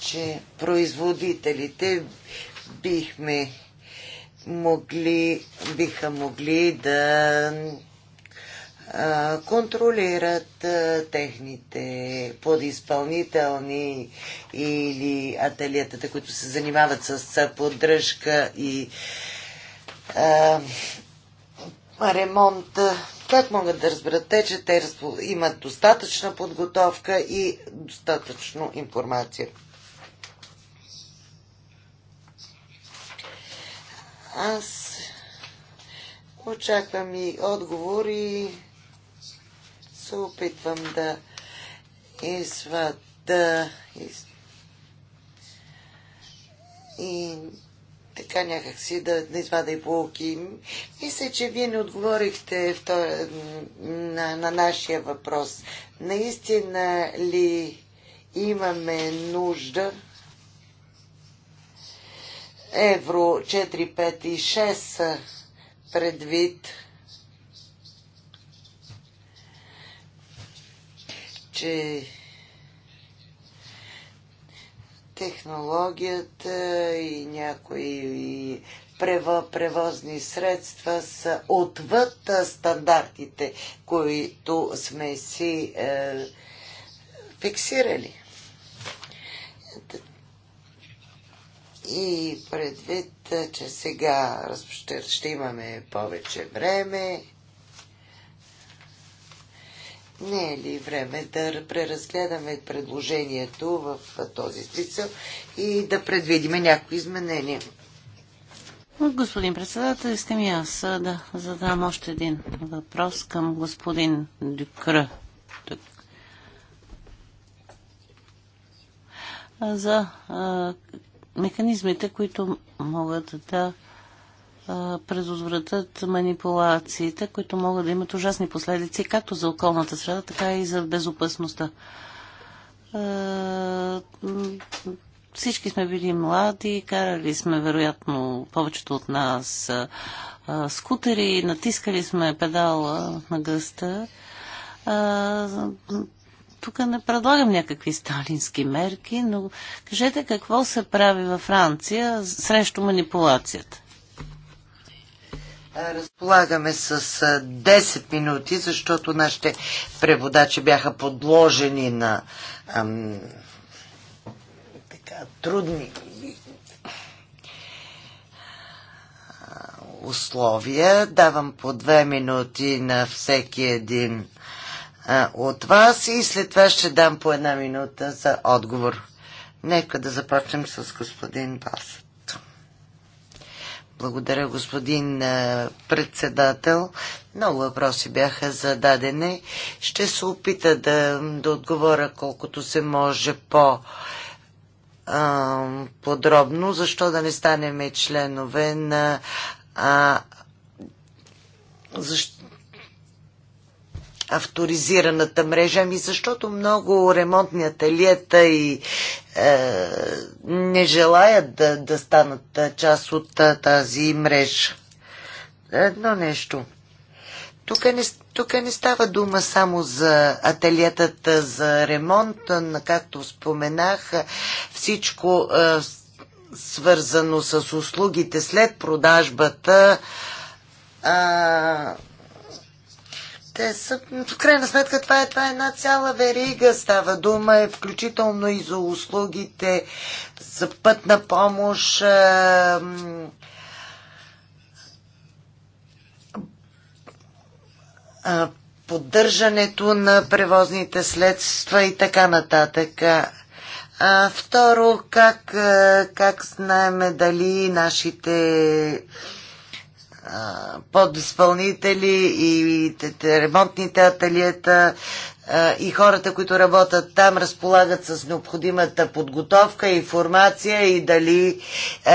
че производителите бихме могли, биха могли да контролират техните подизпълнителни или ателиетата, които се занимават с поддръжка и а, ремонт. Как могат да разберат те, че те имат достатъчна подготовка и достатъчно информация? Аз очаквам и отговори се опитвам да извада из... и така някакси да, да извада и полуки. Мисля, че вие не отговорихте втор... на, на нашия въпрос. Наистина ли имаме нужда евро 4, 5 и 6 предвид че технологията и някои превозни средства са отвъд стандартите, които сме си е, фиксирали. И предвид, че сега ще имаме повече време, не е ли време да преразгледаме предложението в този смисъл и да предвидиме някои изменения? Господин председател, искам и аз да задам още един въпрос към господин Дюкра. За а, механизмите, които могат да предотвратят манипулациите, които могат да имат ужасни последици както за околната среда, така и за безопасността. Всички сме били млади, карали сме, вероятно, повечето от нас скутери, натискали сме педала на гъста. Тук не предлагам някакви сталински мерки, но кажете какво се прави във Франция срещу манипулацията. Разполагаме с 10 минути, защото нашите преводачи бяха подложени на ам, така, трудни условия. Давам по 2 минути на всеки един а, от вас и след това ще дам по една минута за отговор. Нека да започнем с господин Басът. Благодаря, господин председател. Много въпроси бяха зададени. Ще се опита да, да отговоря колкото се може по- подробно, защо да не станеме членове на а, защо авторизираната мрежа, ами защото много ремонтни ателиета и е, не желаят да, да станат е, част от е, тази мрежа. Едно нещо. Тук не, тук не става дума само за ателиетата за ремонт, както споменах, всичко е, свързано с услугите след продажбата. Е, те са, в крайна сметка това е, това е една цяла верига. Става дума е включително и за услугите, за пътна помощ, Е, е, поддържането на превозните следства и така нататък. А, е, второ, как, е, как знаеме дали нашите подизпълнители и ремонтните ателиета и хората, които работят там, разполагат с необходимата подготовка, и информация и дали е,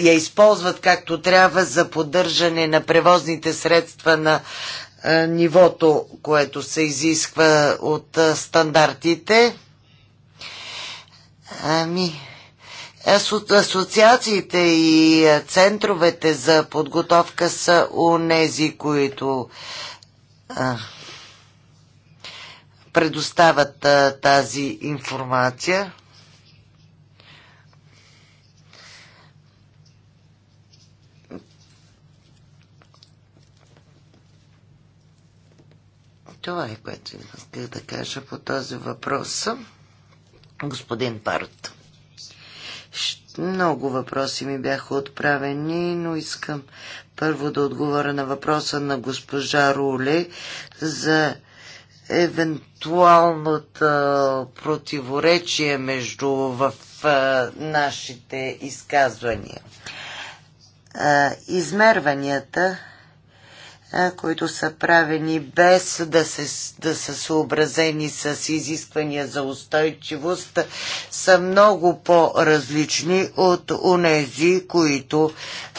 я използват както трябва за поддържане на превозните средства на е, нивото, което се изисква от е, стандартите. Ами, Асоциациите и е, центровете за подготовка са унези, които а, предоставят а, тази информация. Това е което исках да кажа по този въпрос. Господин Парт. Много въпроси ми бяха отправени, но искам първо да отговоря на въпроса на госпожа Руле за евентуалната противоречие между в нашите изказвания. Измерванията които са правени без да, се, да са съобразени с изисквания за устойчивост, са много по-различни от унези, които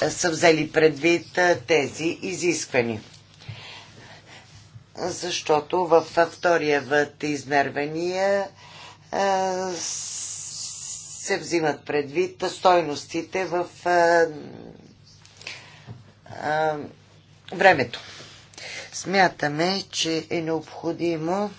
са взели предвид тези изисквания. Защото във втория вът измервания се взимат предвид стойностите в времето. Смятаме, че е необходимо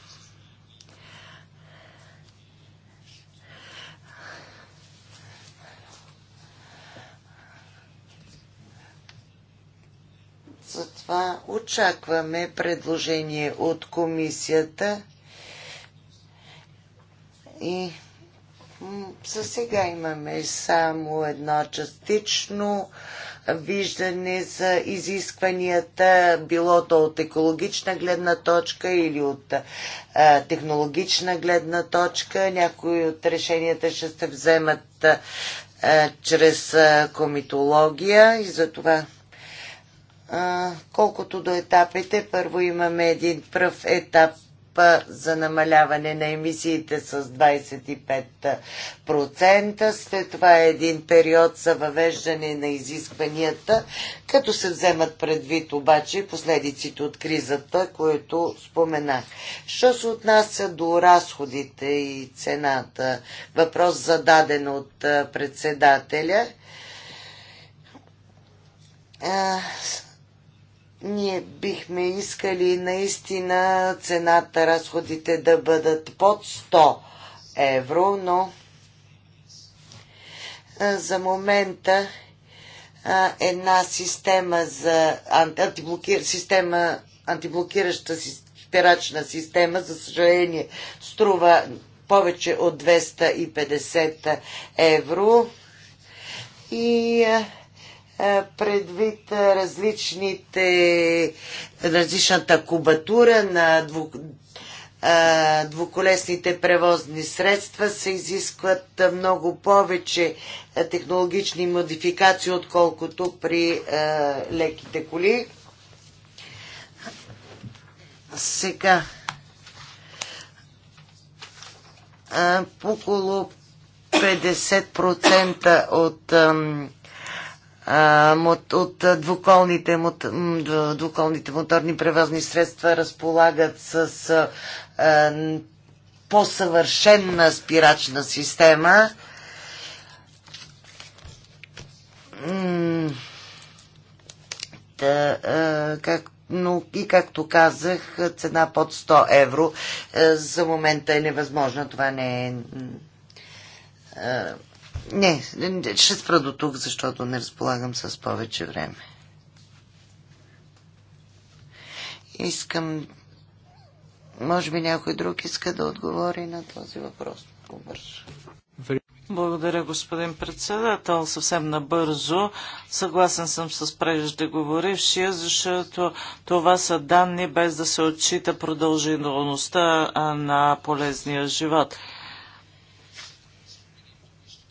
Затова очакваме предложение от комисията и за сега имаме само едно частично виждане за изискванията, било то от екологична гледна точка или от а, технологична гледна точка. Някои от решенията ще се вземат а, чрез а, комитология и за това колкото до етапите, първо имаме един пръв етап за намаляване на емисиите с 25%. След това е един период за въвеждане на изискванията, като се вземат предвид обаче последиците от кризата, които споменах. Що се отнася до разходите и цената? Въпрос зададен от председателя ние бихме искали наистина цената, разходите да бъдат под 100 евро, но за момента една система за антиблокир, система, антиблокираща спирачна система, за съжаление, струва повече от 250 евро. И е, предвид е, различните, различната кубатура на дву, е, двуколесните превозни средства се изискват много повече технологични модификации, отколкото при леките коли. Сега около 50% от от, от двуколните, двуколните моторни превозни средства разполагат с а, по-съвършенна спирачна система. Та, а, как, но и както казах, цена под 100 евро а, за момента е невъзможна. Това не е. А, не, ще спра до тук, защото не разполагам с повече време. Искам. Може би някой друг иска да отговори на този въпрос по-бързо. Благодаря, господин председател. Съвсем набързо. Съгласен съм с преждеговорившия, защото това са данни без да се отчита продължителността на полезния живот.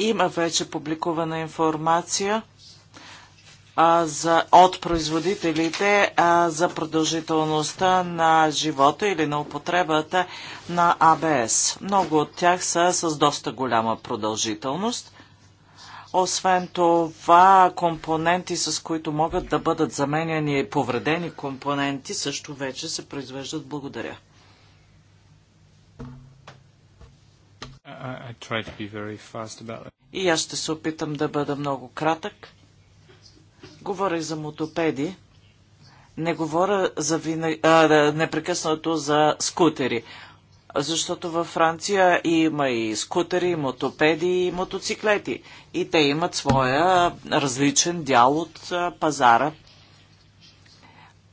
Има вече публикувана информация а, за, от производителите а, за продължителността на живота или на употребата на АБС. Много от тях са с доста голяма продължителност. Освен това, компоненти, с които могат да бъдат заменени и повредени компоненти, също вече се произвеждат. Благодаря. И аз ще се опитам да бъда много кратък. Говорих за мотопеди. Не говоря за вина... а, непрекъснато за скутери. Защото във Франция има и скутери, и мотопеди, и мотоциклети. И те имат своя различен дял от пазара.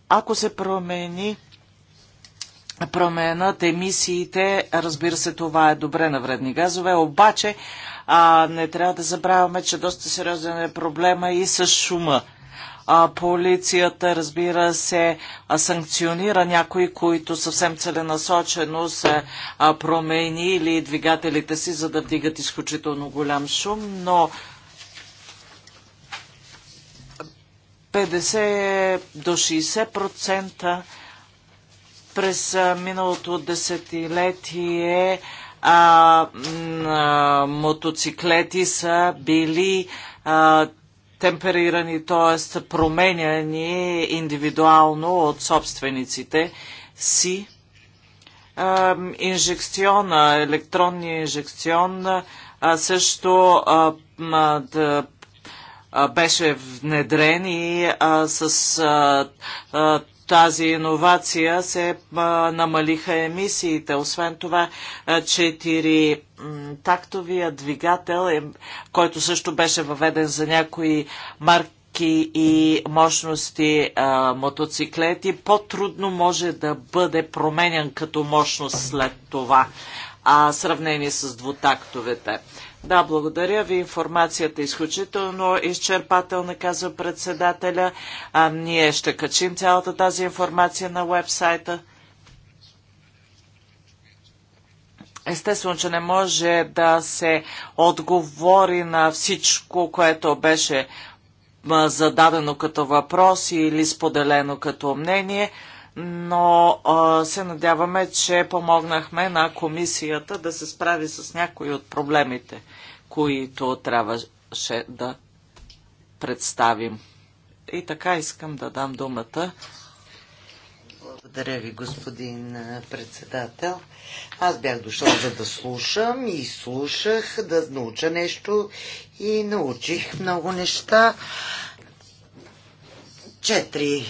Ако се промени променят емисиите. Разбира се, това е добре на вредни газове, обаче а, не трябва да забравяме, че доста сериозен е проблема и с шума. А, полицията, разбира се, а, санкционира някои, които съвсем целенасочено са а, или двигателите си, за да вдигат изключително голям шум, но 50 до 60% през миналото десетилетие а, а, мотоциклети са били а, темперирани, т.е. променяни индивидуално от собствениците си. А, инжекциона, електронния инжекцион а, също а, да, беше внедрен и а, с а, а, тази иновация се намалиха емисиите. Освен това, четири тактовия двигател, е, който също беше въведен за някои марки, марки и мощности а, мотоциклети, по-трудно може да бъде променен като мощност след това а, сравнение с двутактовете. Да, благодаря ви. Информацията е изключително изчерпателна, казва председателя. А, ние ще качим цялата тази информация на вебсайта. Естествено, че не може да се отговори на всичко, което беше зададено като въпрос или споделено като мнение но а, се надяваме, че помогнахме на комисията да се справи с някои от проблемите, които трябваше да представим. И така искам да дам думата. Благодаря ви, господин председател. Аз бях дошла за да слушам и слушах, да науча нещо и научих много неща. Четири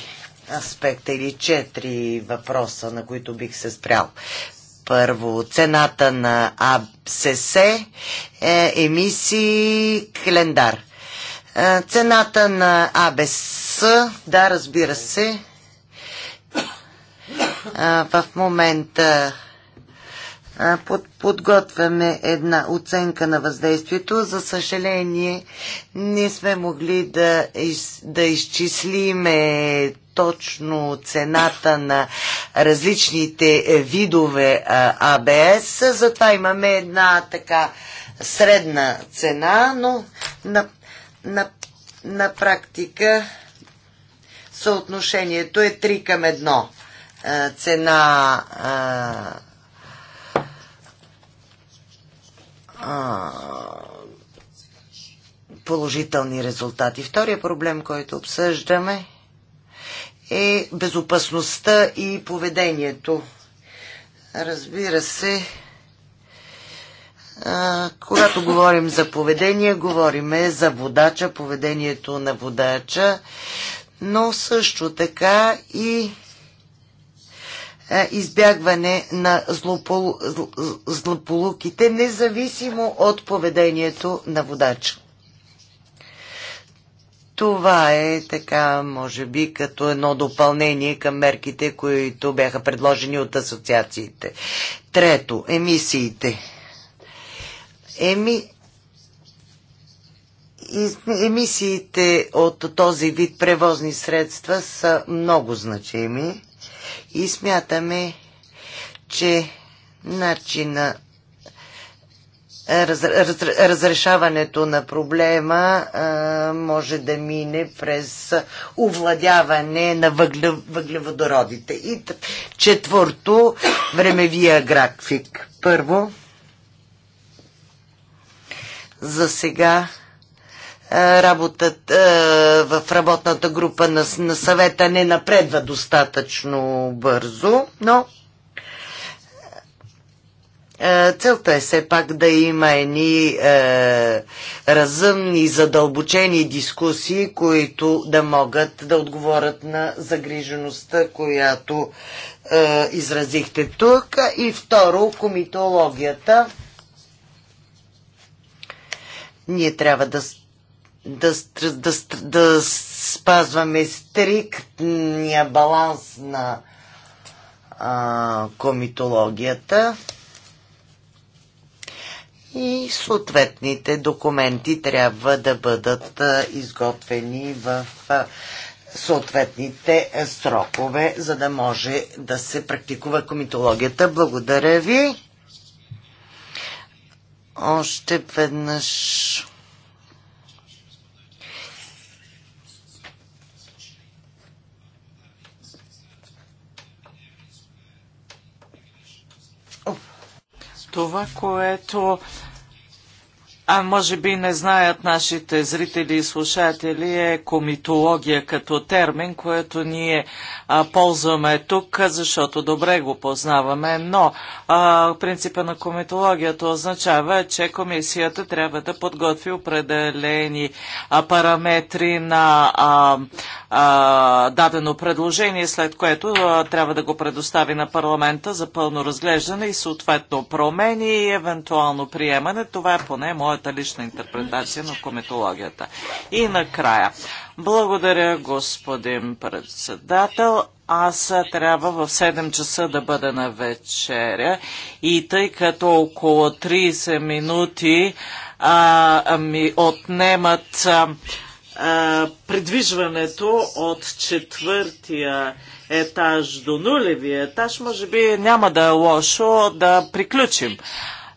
аспекта или четири въпроса, на които бих се спрял. Първо, цената на АБСС, е, емисии, календар. цената на АБС, да, разбира се, в момента под, подготвяме една оценка на въздействието. За съжаление, не сме могли да, из, да изчислиме точно цената на различните е, видове АБС. Затова имаме една така средна цена, но на, на, на практика съотношението е 3 към 1. Цена положителни резултати. Втория проблем, който обсъждаме е безопасността и поведението. Разбира се, когато говорим за поведение, говорим за водача, поведението на водача, но също така и избягване на злополуките, независимо от поведението на водача. Това е така, може би, като едно допълнение към мерките, които бяха предложени от асоциациите. Трето, емисиите. Еми, емисиите от този вид превозни средства са много значими и смятаме, че начина раз, раз, разрешаването на проблема а, може да мине през овладяване на въгле, въглеводородите. И четвърто, времевия график. Първо, за сега работът в работната група на, на съвета не напредва достатъчно бързо, но е, целта е все пак да има едни е, разумни, задълбочени дискусии, които да могат да отговорят на загрижеността, която е, изразихте тук. И второ, комитологията. Ние трябва да, да, да, да спазваме стриктния баланс на а, комитологията и съответните документи трябва да бъдат изготвени в съответните срокове, за да може да се практикува комитологията. Благодаря ви. Още веднъж. Това, което а може би не знаят нашите зрители и слушатели, е комитология като термин, което ние а, ползваме тук, защото добре го познаваме, но а, принципа на комитологията означава, че комисията трябва да подготви определени а, параметри на а, а, дадено предложение, след което а, трябва да го предостави на парламента за пълно разглеждане и съответно промени и евентуално приемане. Това е поне моят моята лична интерпретация на кометологията. И накрая. Благодаря, господин председател. Аз трябва в 7 часа да бъда на вечеря и тъй като около 30 минути а, ми отнемат а, придвижването от четвъртия етаж до нулевия етаж, може би няма да е лошо да приключим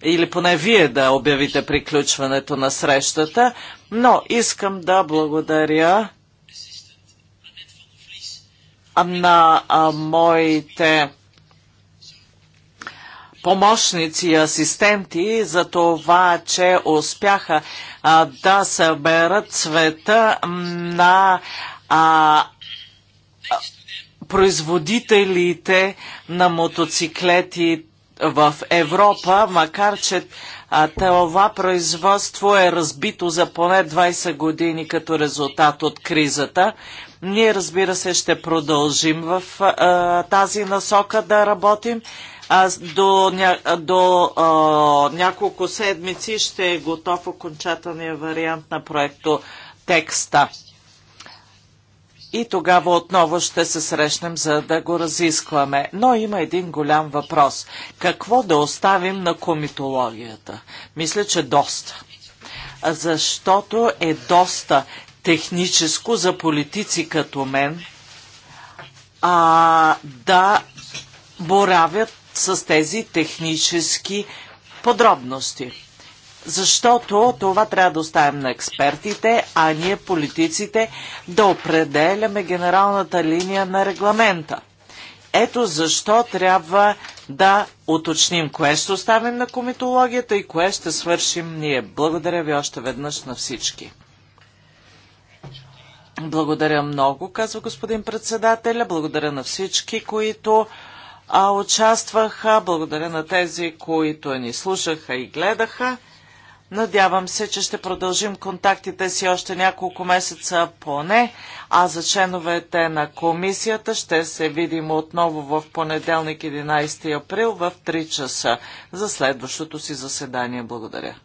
или поне вие да обявите приключването на срещата, но искам да благодаря на моите помощници и асистенти за това, че успяха а, да съберат цвета на а, производителите на мотоциклетите в Европа, макар че а, това производство е разбито за поне 20 години като резултат от кризата. Ние, разбира се, ще продължим в а, тази насока да работим. до, ня, до а, няколко седмици ще е готов окончателният вариант на проекто текста и тогава отново ще се срещнем, за да го разискваме. Но има един голям въпрос. Какво да оставим на комитологията? Мисля, че доста. Защото е доста техническо за политици като мен а, да боравят с тези технически подробности защото това трябва да оставим на експертите, а ние политиците да определяме генералната линия на регламента. Ето защо трябва да уточним кое ще оставим на комитологията и кое ще свършим ние. Благодаря ви още веднъж на всички. Благодаря много, казва господин председателя. Благодаря на всички, които а, участваха. Благодаря на тези, които ни слушаха и гледаха. Надявам се, че ще продължим контактите си още няколко месеца поне, а за членовете на комисията ще се видим отново в понеделник 11 април в 3 часа за следващото си заседание. Благодаря.